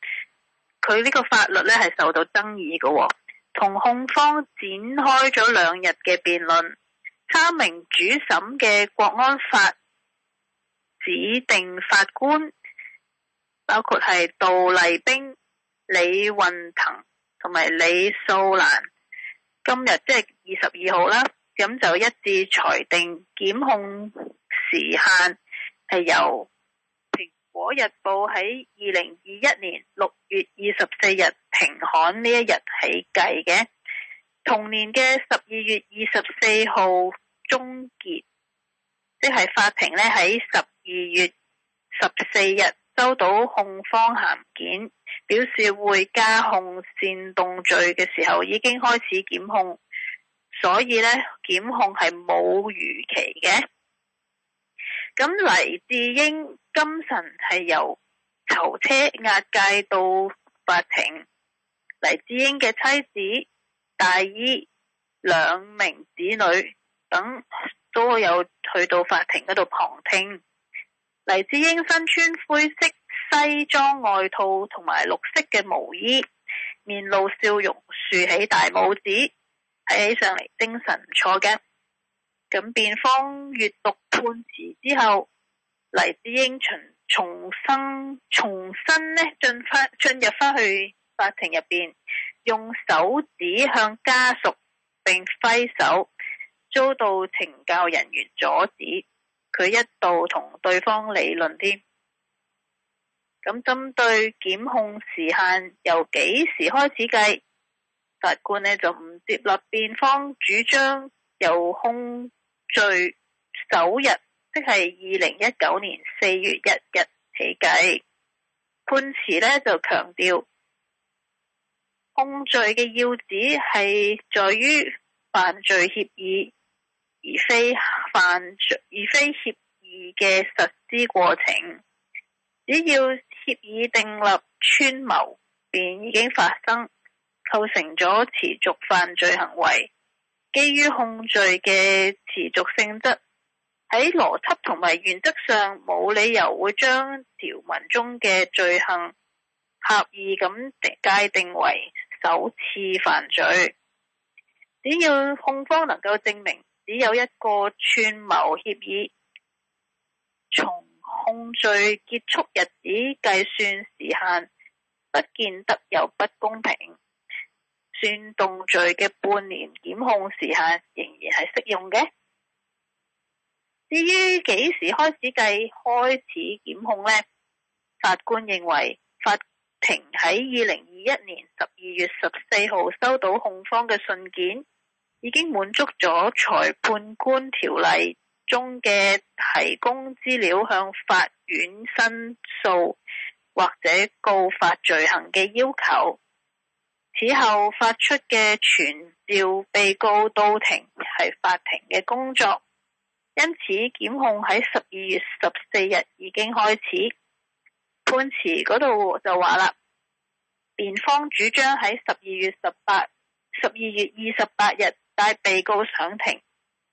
佢呢個法律呢係受到爭議嘅哦，同控方展開咗兩日嘅辯論，三名主審嘅國安法指定法官，包括係杜麗冰。李運騰同埋李素蘭今、就是、日即係二十二號啦，咁就一致裁定檢控時限係由《蘋果日報》喺二零二一年六月二十四日停刊呢一日起計嘅，同年嘅十二月二十四號終結，即、就、係、是、法庭呢喺十二月十四日收到控方函件。表示會加控煽動罪嘅時候已經開始檢控，所以咧檢控係冇逾期嘅。咁黎智英今晨係由囚車押解到法庭，黎智英嘅妻子、大姨、兩名子女等都有去到法庭嗰度旁聽。黎智英身穿灰色。西裝外套同埋綠色嘅毛衣，面露笑容，豎起大拇指，睇起上嚟精神唔錯嘅。咁辯方閱讀判詞之後，黎智英重新重新重新咧進翻進入翻去法庭入邊，用手指向家屬並揮手，遭到懲教人員阻止，佢一度同對方理論添。咁針對檢控時限由幾時開始計？法官呢就唔接納辯方主張由控罪首日，即係二零一九年四月一日起計。判詞呢就強調，控罪嘅要旨係在於犯罪協議，而非犯罪，而非協議嘅實施過程，只要。協議訂立，串謀便已經發生，構成咗持續犯罪行為。基於控罪嘅持續性質，喺邏輯同埋原則上，冇理由會將條文中嘅罪行合意咁界定為首次犯罪。只要控方能夠證明只有一個串謀協議從。控罪結束日子計算時限，不見得有不公平。煽動罪嘅半年檢控時限仍然係適用嘅。至於幾時開始計開始檢控呢？法官認為，法庭喺二零二一年十二月十四號收到控方嘅信件，已經滿足咗裁判官條例。中嘅提供資料向法院申訴或者告發罪行嘅要求，此後發出嘅傳召被告到庭係法庭嘅工作，因此檢控喺十二月十四日已經開始。判詞嗰度就話啦，辯方主張喺十二月十八、十二月二十八日帶被告上庭。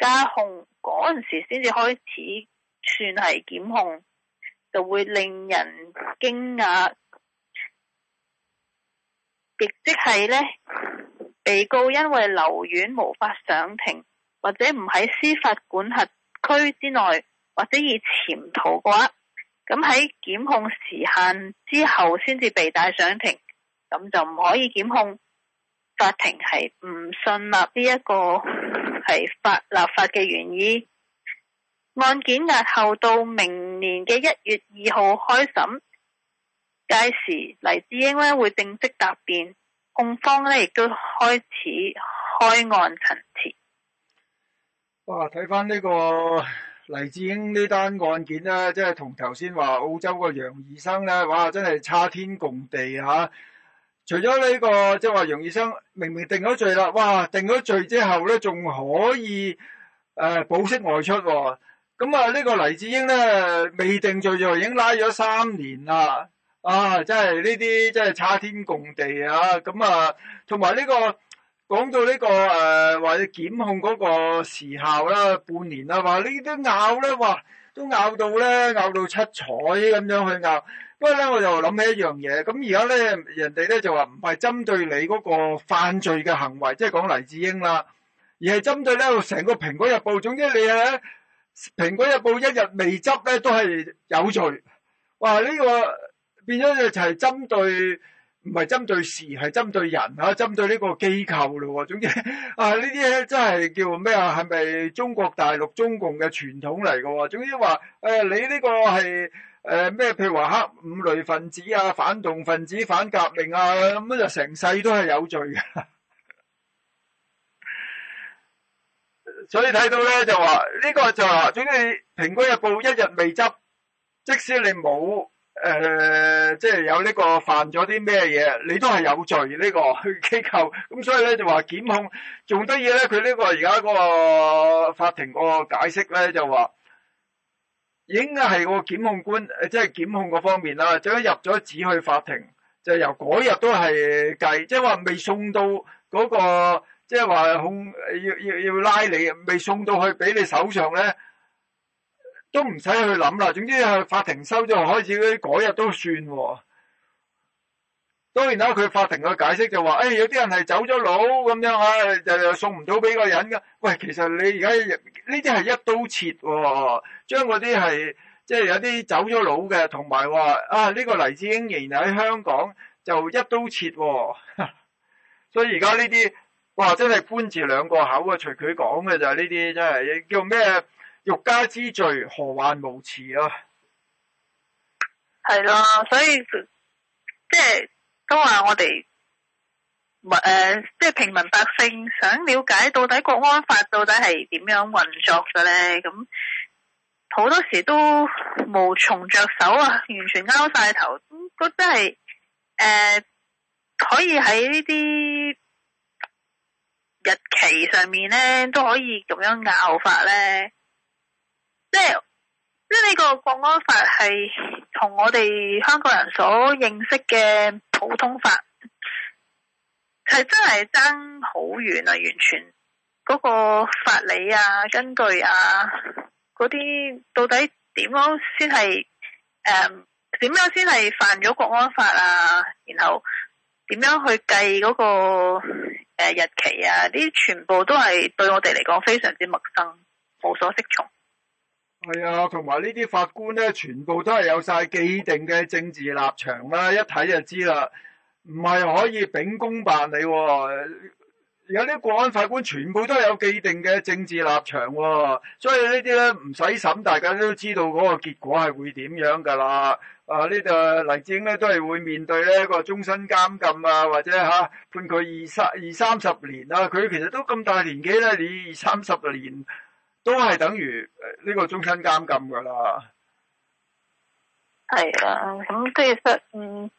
加控嗰陣時先至開始算係檢控，就會令人驚訝。亦即係呢，被告因為留院無法上庭，或者唔喺司法管轄區之內，或者以潛逃嘅話，咁喺檢控時限之後先至被帶上庭，咁就唔可以檢控。法庭係唔信立呢一個。法立法嘅原意，案件押後到明年嘅一月二號開審。屆時黎智英咧會正式答辯，控方咧亦都開始開案陳詞。哇！睇翻呢個黎智英呢單案件呢，即係同頭先話澳洲個楊怡生呢，哇！真係差天共地啊！除咗呢個即係話楊怡生明明定咗罪啦，哇！定咗罪之後咧，仲可以誒保釋外出喎。咁啊，呢個黎智英咧未定罪就已經拉咗三年啦。啊，真係呢啲真係差天共地啊！咁啊，同埋呢個講到呢個誒話檢控嗰個時效啦，半年啦，話呢啲拗咧，哇，都拗到咧，拗到七彩咁樣去拗。不過咧，我又諗起一樣嘢，咁而家咧，人哋咧就話唔係針對你嗰個犯罪嘅行為，即係講黎智英啦，而係針對咧成個蘋果日報。總之你啊，蘋果日報一日未執咧，都係有罪。哇！呢個變咗就係針對，唔係針對事，係針對人啦，針對呢個機構咯。總之啊，呢啲咧真係叫咩啊？係咪中國大陸中共嘅傳統嚟噶？總之話，誒，你呢個係。誒咩、呃？譬如話黑五類分子啊，反動分子、反革命啊，咁咧就成世都係有罪嘅。 所以睇到咧就話呢、這個就話，總之《蘋果日報》一日未執，即使你冇誒、呃，即係有呢個犯咗啲咩嘢，你都係有罪呢、這個機構。咁所以咧就話檢控仲得意咧，佢呢個而家嗰個法庭個解釋咧就話。應該係個檢控官，誒即係檢控嗰方面啦。就一入咗紙去法庭，就由嗰日都係計，即係話未送到嗰個，即係話控要要要拉你，未送到去俾你手上咧，都唔使去諗啦。總之係法庭收咗開始嗰啲，嗰日都算喎。當然啦，佢法庭嘅解釋就話：，誒有啲人係走咗佬咁樣，誒又送唔到俾個人嘅。喂，其實你而家呢啲係一刀切喎。將嗰啲係即係有啲走咗佬嘅，同埋話啊，呢、這個黎智英仍然喺香港就一刀切喎、哦， 所以而家呢啲哇真係官字兩個口啊，隨佢講嘅就係呢啲真係叫咩？欲加之罪，何患無辭啊！係啦、啊，所以即係、就是、都話我哋誒，即、呃、係、就是、平民百姓想了解到底國安法到底係點樣運作嘅咧？咁。好多時都無從着手啊，完全拗晒頭咁，覺得係誒、呃，可以喺呢啲日期上面咧，都可以咁樣拗法咧。即係即係呢個國安法係同我哋香港人所認識嘅普通法，係真係爭好遠啊！完全嗰個法理啊，根據啊。嗰啲到底點樣先係誒點樣先係犯咗國安法啊？然後點樣去計嗰個誒日期啊？呢啲全部都係對我哋嚟講非常之陌生，無所適從。係啊，同埋呢啲法官咧，全部都係有晒既定嘅政治立場啦、啊，一睇就知啦，唔係可以秉公辦理喎、啊。而家啲國安法官全部都係有既定嘅政治立場喎，所以呢啲咧唔使審，大家都知道嗰個結果係會點樣噶啦。啊，呢個黎智英咧都係會面對呢一個終身監禁啊，或者吓判佢二三二三十年啊。佢其實都咁大年紀咧，你二三十年都係等於呢個終身監禁噶啦。係啦，咁即係，嗯，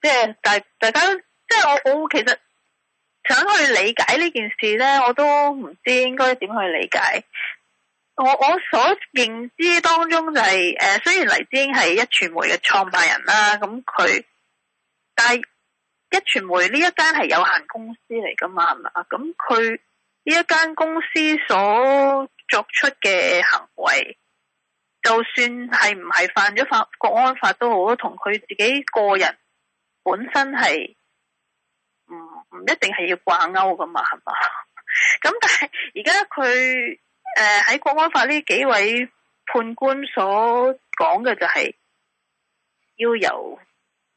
即係大大家，即係我我其實。想去理解呢件事咧，我都唔知應該點去理解。我我所認知當中就係、是、誒、呃、雖然黎智英係壹傳媒嘅創辦人啦，咁佢，但壹傳媒呢一間係有限公司嚟噶嘛，係咪，咁佢呢一間公司所作出嘅行為，就算係唔係犯咗法國安法都好，同佢自己個人本身係。唔唔一定係要掛鈎噶嘛，係嘛？咁 但係而家佢誒喺國安法呢幾位判官所講嘅就係要由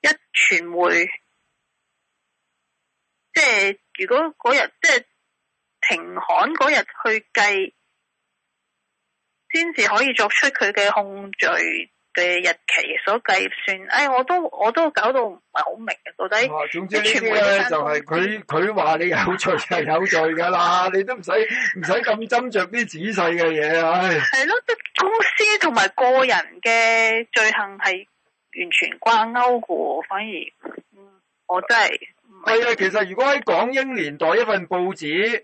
壹傳媒即係如果嗰日即係停刊嗰日去計，先至可以作出佢嘅控罪。嘅日期所計算，哎，我都我都搞到唔係好明，到底。哦、啊，總之呢啲咧就係佢佢話你有罪就係有罪㗎喇， 你都唔使唔使咁斟酌啲仔細嘅嘢，唉、哎。係咯，公司同埋個人嘅罪行係完全掛鈎嘅喎，反而，嗯，我真係。係啊，其實如果喺港英年代一份報紙，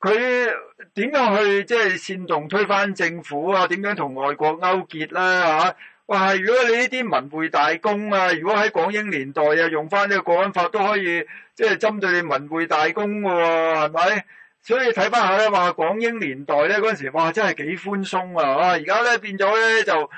佢點樣去即係、就是、煽動推翻政府啊？點樣同外國勾結咧、啊？嚇！哇！如果你呢啲文匯大公啊，如果喺廣英年代啊，用翻呢個國安法都可以，即、就、係、是、針對你文匯大公嘅喎，係咪？所以睇翻下咧，話廣英年代咧嗰陣時，哇！真係幾寬鬆啊！啊，而家咧變咗咧就，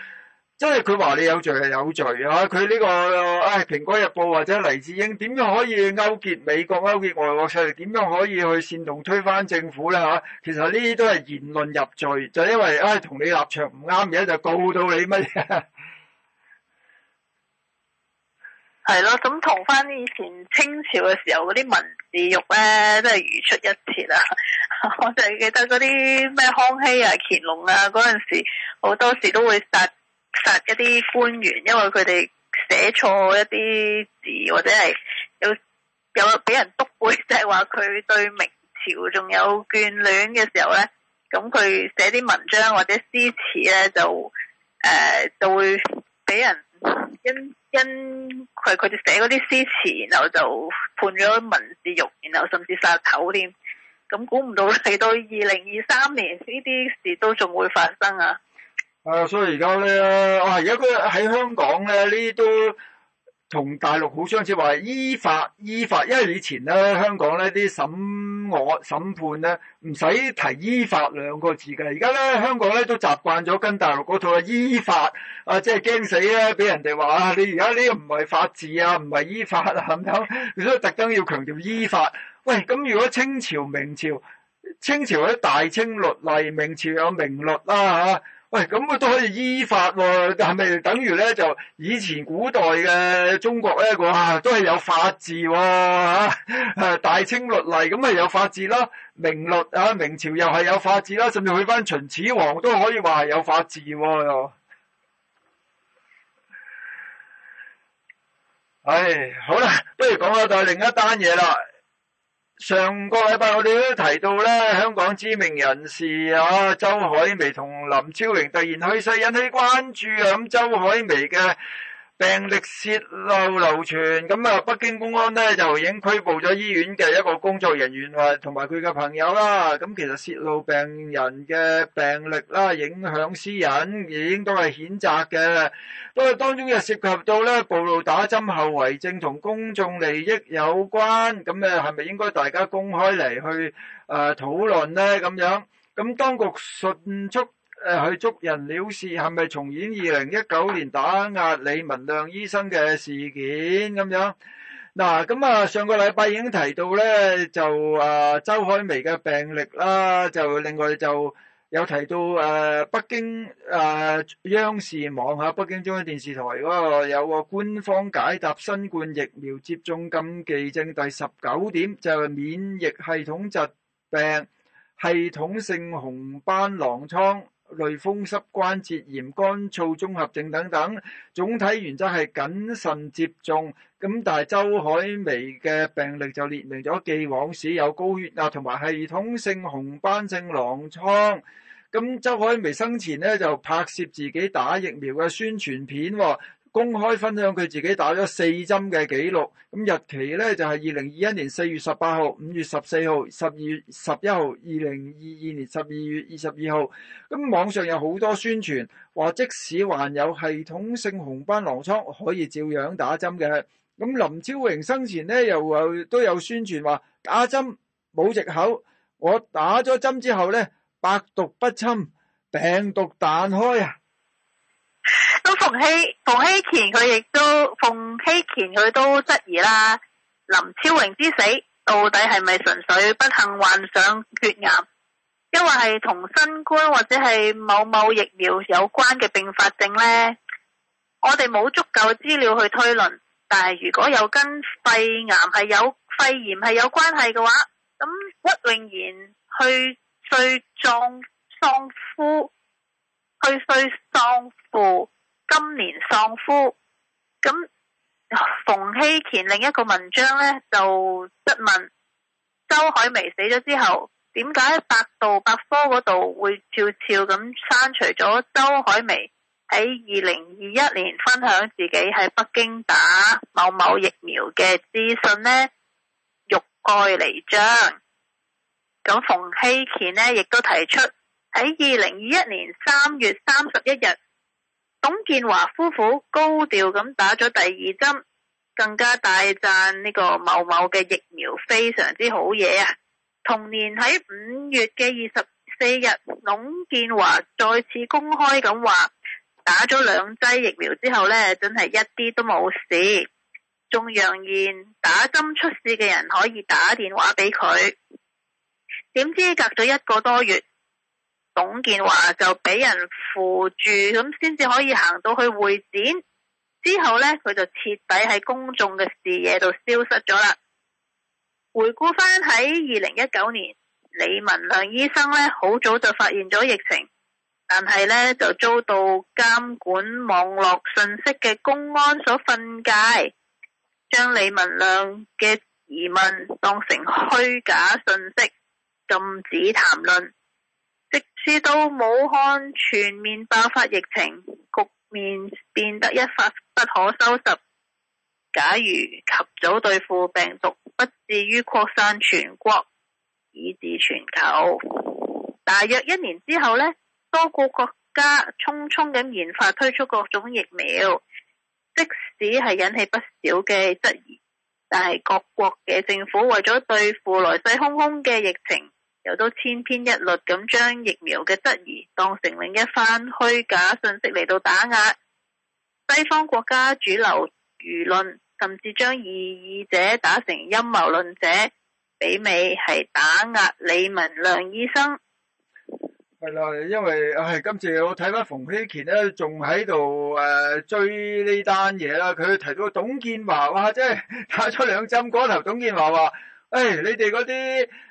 即係佢話你有罪係有罪啊！佢呢、這個唉，哎《蘋果日報》或者黎智英點樣可以勾結美國、勾結外國勢力？點樣可以去煽動推翻政府咧？嚇、啊！其實呢啲都係言論入罪，就是、因為唉，同、哎、你立場唔啱而家就告到你乜嘢？ 係咯，咁同翻以前清朝嘅時候嗰啲文字獄咧，都係如出一轍啦、啊。 我就記得嗰啲咩康熙啊、乾隆啊，嗰陣時好多時都會殺殺一啲官員，因為佢哋寫錯一啲字，或者係有有俾人督背，即係話佢對明朝仲有眷戀嘅時候咧，咁佢寫啲文章或者詩詞咧，就誒、呃、就會俾人因。因佢佢哋寫嗰啲詩詞，然後就判咗文字獄，然後甚至殺頭添。咁估唔到嚟到二零二三年呢啲事都仲會發生啊！誒、啊，所以而家咧，我係而家喺香港咧，呢都同大陸好相似，話依法依法，因為以前咧香港咧啲審我審判咧。唔使提依法兩個字嘅，而家咧香港咧都習慣咗跟大陸嗰套啦，依法啊、依法啊，即係驚死咧，俾人哋話啊，你而家呢個唔係法治啊，唔係依法啊咁樣，所以特登要強調依法。喂，咁如果清朝、明朝，清朝啲《大清律例》，明朝有《明律》啦、啊、嚇。喂，咁佢都可以依法喎，係咪等於咧就以前古代嘅中國咧，哇、啊，都係有法治喎、啊，吓，誒，大清律例，咁係、嗯、有法治啦、啊，明律啊，明朝又係有法治啦、啊，甚至去返秦始皇都可以話係有法治喎、啊。唉、哎，好啦，不如講下再另一單嘢啦。上個禮拜我哋都提到呢，香港知名人士啊，周海媚同林超榮突然去世，引起關注啊。咁周海媚嘅病歷泄露流傳，咁啊，北京公安呢就已經拘捕咗醫院嘅一個工作人員，同埋佢嘅朋友啦。咁其實泄露病人嘅病歷啦，影響私隱，已經都係譴責嘅。不過當中又涉及到咧，暴露打針後遺症同公眾利益有關，咁誒，係咪應該大家公開嚟去誒討論呢？咁樣，咁當局迅速。誒去捉人了事，係咪重演二零一九年打壓李文亮醫生嘅事件咁樣？嗱，咁啊，上個禮拜已經提到咧，就啊周海媚嘅病歷啦，就另外就有提到誒北京誒央視網嚇，北京中央電視台嗰個有個官方解答新冠疫苗接種禁忌症，第十九點就係免疫系統疾病、系統性紅斑狼瘡、類風濕關節炎、乾燥綜合症等等，總體原則係謹慎接種。咁但係周海媚嘅病歷就列明咗既往史有高血壓同埋系統性紅斑性狼瘡。咁周海媚生前咧就拍攝自己打疫苗嘅宣傳片，哦。公開分享佢自己打咗四針嘅記錄，咁日期呢，就係二零二一年四月十八號、五月十四號、十二月十一號、二零二二年十二月二十二號。咁網上有好多宣傳話，即使患有系統性紅斑狼瘡可以照樣打針嘅。咁林超榮生前呢，又又都有宣傳話打針冇藉口，我打咗針之後呢，百毒不侵，病毒彈開啊！咁馮睎馮睎乾佢亦都馮睎乾佢都質疑啦，林超榮之死到底係咪純粹不幸患上血癌，抑或係同新冠或者係某某疫苗有關嘅併發症呢，我哋冇足夠資料去推論，但係如果有跟肺癌係有肺炎係有關係嘅話，咁屈穎妍去去葬喪夫。去世喪父，今年喪夫。咁馮希賢另一個文章咧，就質問周海媚死咗之後，點解百度百科嗰度會悄悄咁刪除咗周海媚喺二零二一年分享自己喺北京打某某疫苗嘅資訊呢？欲蓋彌彰。咁馮希賢呢，亦都提出。喺二零二一年三月三十一日，董建華夫婦高調咁打咗第二針，更加大讚呢個某某嘅疫苗非常之好嘢啊！同年喺五月嘅二十四日，董建華再次公開咁話打咗兩劑疫苗之後咧，真係一啲都冇事，仲揚言打針出事嘅人可以打電話俾佢。點知隔咗一個多月。董建華就俾人扶住，咁先至可以行到去會展。之後呢，佢就徹底喺公眾嘅視野度消失咗啦。回顧返喺二零一九年，李文亮醫生呢好早就發現咗疫情，但係呢就遭到監管網絡信息嘅公安所訓誡，將李文亮嘅疑問當成虛假信息，禁止談論。次到武漢全面爆發疫情，局面變得一發不可收拾。假如及早對付病毒，不至於擴散全國，以至全球。大約一年之後咧，多個國家匆匆咁研發推出各種疫苗，即使係引起不少嘅質疑，但係各國嘅政府為咗對付來勢洶洶嘅疫情，都千篇一律咁將疫苗嘅質疑當成另一番虛假信息嚟到打壓西方國家主流輿論，甚至將異議者打成陰謀論者，比美係打壓李文亮醫生。係啦，因為係、哎、今次我睇翻馮睎乾呢，仲喺度誒追呢單嘢啦。佢提到董建華，話，即係打咗兩針嗰頭。董建華話：誒、哎，你哋嗰啲。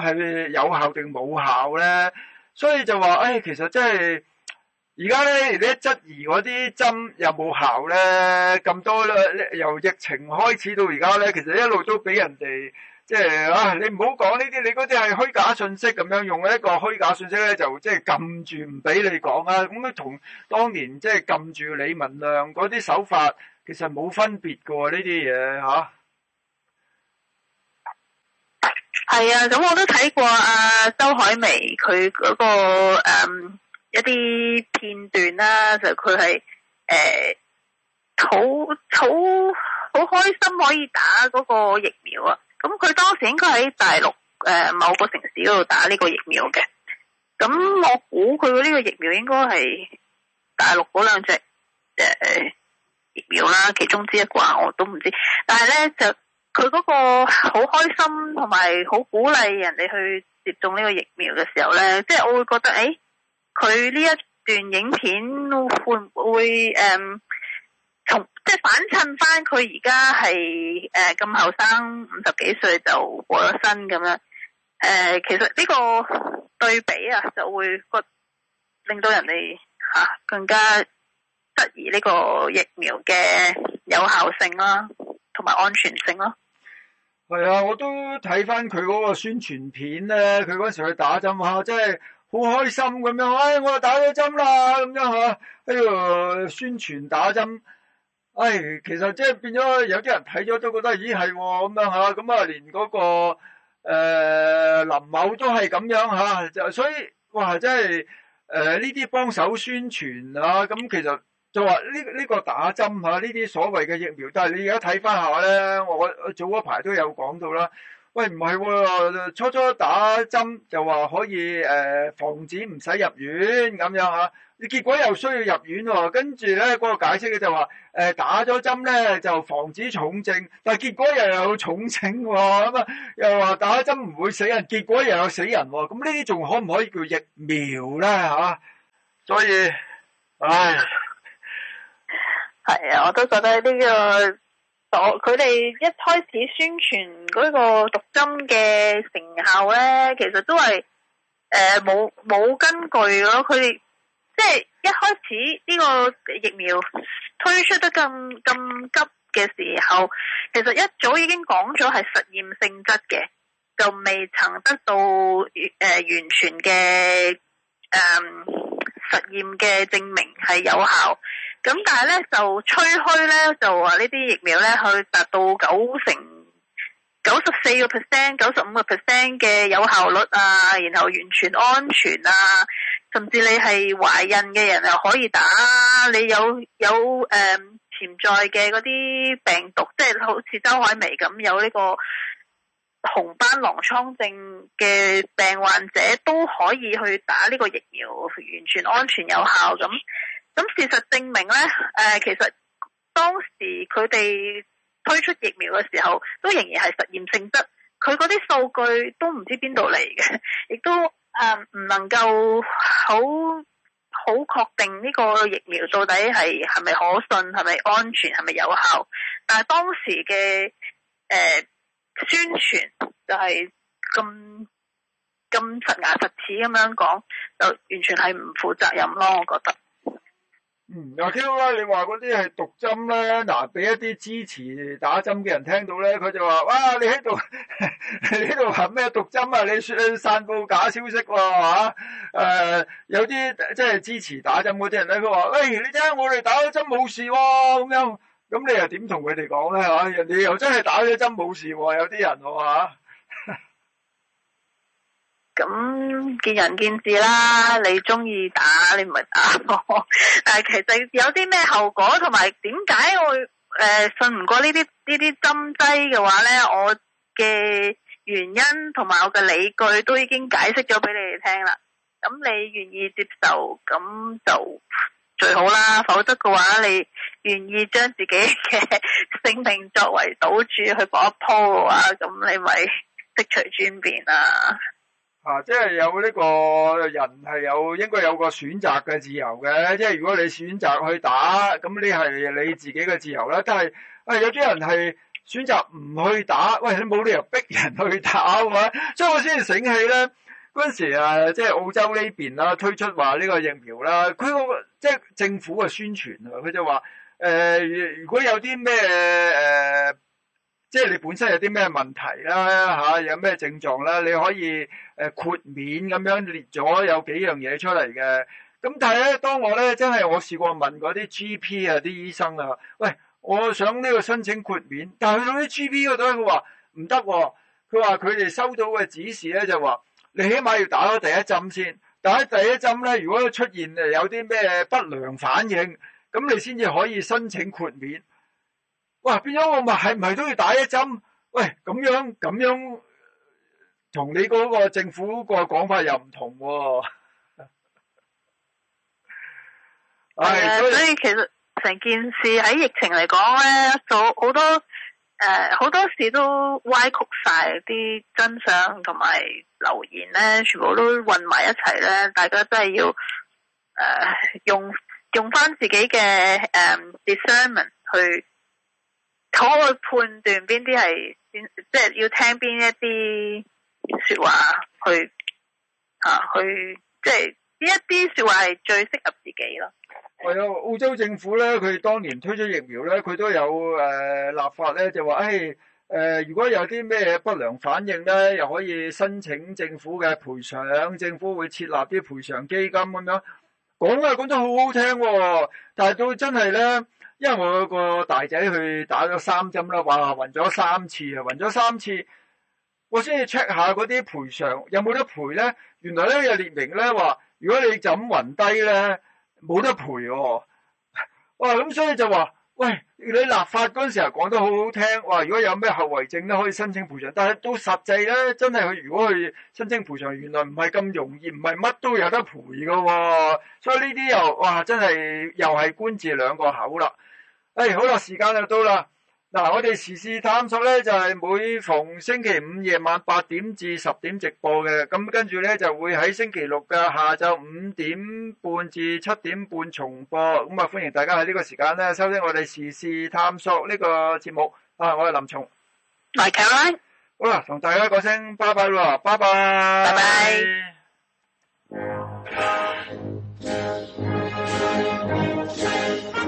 係有效定冇效咧？所以就話，誒、哎，其實真係而家咧，你質疑嗰啲針有冇效咧？咁多咧，由疫情開始到而家咧，其實一路都俾人哋即係啊，你唔好講呢啲，你嗰啲係虛假信息咁樣用一個虛假信息咧，就即係撳住唔俾你講啊！咁樣同當年即係撳住李文亮嗰啲手法，其實冇分別噶呢啲嘢吓。係啊，咁、嗯、我都睇過阿、啊、周海媚佢嗰個誒、嗯、一啲片段啦，就佢係誒好好好開心可以打嗰個疫苗啊！咁、嗯、佢當時應該喺大陸誒、呃、某個城市嗰度打呢個疫苗嘅。咁、嗯、我估佢嘅呢個疫苗應該係大陸嗰兩隻誒疫苗啦，其中之一啩，我都唔知。但係咧就。佢嗰個好開心同埋好鼓勵人哋去接種呢個疫苗嘅時候呢，即係我會覺得誒，佢、欸、呢一段影片會會誒、呃，從即係反襯翻佢而家係誒咁後生五十幾歲就過咗身咁樣誒、呃，其實呢個對比啊就會覺令到人哋嚇、啊、更加質疑呢個疫苗嘅有效性啦、啊，同埋安全性咯、啊。係啊，我都睇翻佢嗰個宣傳片咧，佢嗰陣時去打針啊，真係好開心咁樣，唉、哎，我又打咗針啦咁樣嚇，喺、啊、度宣傳打針，唉、哎，其實即係變咗有啲人睇咗都覺得，咦係喎咁樣嚇，咁啊連嗰、那個、呃、林某都係咁樣嚇，就、啊、所以哇，真係誒呢啲幫手宣傳啊，咁、嗯、其實。就話呢呢個打針吓，呢啲所謂嘅疫苗，但係你而家睇翻下咧，我早一排都有講到啦。喂，唔係喎，初初打針就話可以誒防止唔使入院咁樣吓，你結果又需要入院喎。跟住咧嗰個解釋咧就話誒打咗針咧就防止重症，但係結果又有重症喎。咁啊又話打針唔會死人，結果又有死人喎。咁呢啲仲可唔可以叫疫苗咧吓？所以，唉。係啊，我都覺得呢個所佢哋一開始宣傳嗰個毒針嘅成效咧，其實都係誒冇冇根據咯。佢即係一開始呢個疫苗推出得咁咁急嘅時候，其實一早已經講咗係實驗性質嘅，就未曾得到誒、呃、完全嘅誒、呃、實驗嘅證明係有效。咁但係咧就吹噓咧就話呢啲疫苗咧去達到九成九十四個 percent、九十五個 percent 嘅有效率啊，然後完全安全啊，甚至你係懷孕嘅人又可以打，你有有誒、呃、潛在嘅嗰啲病毒，即係好似周海媚咁有呢個紅斑狼瘡症嘅病患者都可以去打呢個疫苗，完全安全有效咁。咁事實證明呢，誒、呃，其實當時佢哋推出疫苗嘅時候，都仍然係實驗性質，佢嗰啲數據都唔知邊度嚟嘅，亦都誒唔、呃、能夠好好確定呢個疫苗到底係係咪可信，係咪安全，係咪有效。但係當時嘅誒、呃、宣傳就係咁咁實牙實齒咁樣講，就完全係唔負責任咯，我覺得。嗯，阿 Q，啦，你話嗰啲係毒針咧，嗱、啊、俾一啲支持打針嘅人聽到咧，佢就話：哇，你喺度， 你喺度話咩毒針啊？你説散佈假消息喎、啊、嚇、啊！有啲即係支持打針嗰啲人咧，佢話：喂，你聽我哋打咗針冇事喎、啊，咁樣，咁你又點同佢哋講咧嚇？人哋又真係打咗針冇事喎、啊，有啲人嚇、啊。啊。咁見仁見智啦，你中意打你唔係打我。但係其實有啲咩後果同埋點解我誒、呃、信唔過呢啲呢啲針劑嘅話呢，我嘅原因同埋我嘅理據都已經解釋咗俾你哋聽啦。咁你願意接受咁就最好啦，否則嘅話你願意將自己嘅性命作為賭注去搏一鋪嘅話，咁你咪迫出轉變啦。啊，即係有呢個人係有應該有個選擇嘅自由嘅，即係如果你選擇去打，咁你係你自己嘅自由啦。但係，誒、哎、有啲人係選擇唔去打，喂，你冇理由逼人去打㗎嘛。所以我先醒起咧，嗰陣時、啊、即係澳洲呢邊啦，推出話呢個疫苗啦，佢個即係政府嘅宣傳啊，佢就話誒、呃，如果有啲咩誒。呃即係你本身有啲咩問題啦，嚇、啊、有咩症狀啦，你可以誒豁免咁樣，列咗有幾樣嘢出嚟嘅。咁但係咧，當我咧真係我試過問嗰啲 G.P. 啊啲醫生啊，喂，我想呢個申請豁免，但係去到啲 G.P. 嗰度，佢話唔得喎。佢話佢哋收到嘅指示咧就話，你起碼要打咗第一針先。但係第一針咧，如果出現有啲咩不良反應，咁你先至可以申請豁免。哇！變咗我咪係唔係都要打一針？喂，咁樣咁樣，同你嗰個政府個講法又唔同喎、哦。係、 哎、呃，所以其實成件事喺疫情嚟講咧，就好多誒，好、呃、多事都歪曲晒啲真相，同埋留言咧，全部都混埋一齊咧。大家都係要誒、呃、用用翻自己嘅誒、呃、discernment 去。可去判斷邊啲係邊，即係要聽邊一啲說話去啊，去即係呢一啲說話係最適合自己咯。係啊，澳洲政府咧，佢當年推出疫苗咧，佢都有誒、呃、立法咧，就話誒誒，如果有啲咩不良反應咧，又可以申請政府嘅賠償，政府會設立啲賠償基金咁樣。講啊講得好好聽、哦，但係都真係咧。因為我個大仔去打咗三針啦，哇，暈咗三次啊，暈咗三次，我先至 check 下嗰啲賠償有冇得賠咧？原來咧又列明咧話，如果你就咁暈低咧，冇得賠嘅喎。哇，咁所以就話，喂，你立法嗰陣時候講得好好聽，哇，如果有咩後遺症咧可以申請賠償，但係到實際咧真係佢如果去申請賠償，原來唔係咁容易，唔係乜都有得賠嘅喎。所以呢啲又哇，真係又係官字兩個口啦。係，好啦，時間就到啦。嗱，我哋時事探索咧就係每逢星期五夜晚八點至十點直播嘅，咁跟住咧就會喺星期六嘅下晝五點半至七點半重播。咁啊，歡迎大家喺呢個時間咧收聽我哋時事探索呢個節目。啊，我係林松。嚟緊。好啦，同大家講聲拜拜喎，拜拜。拜拜。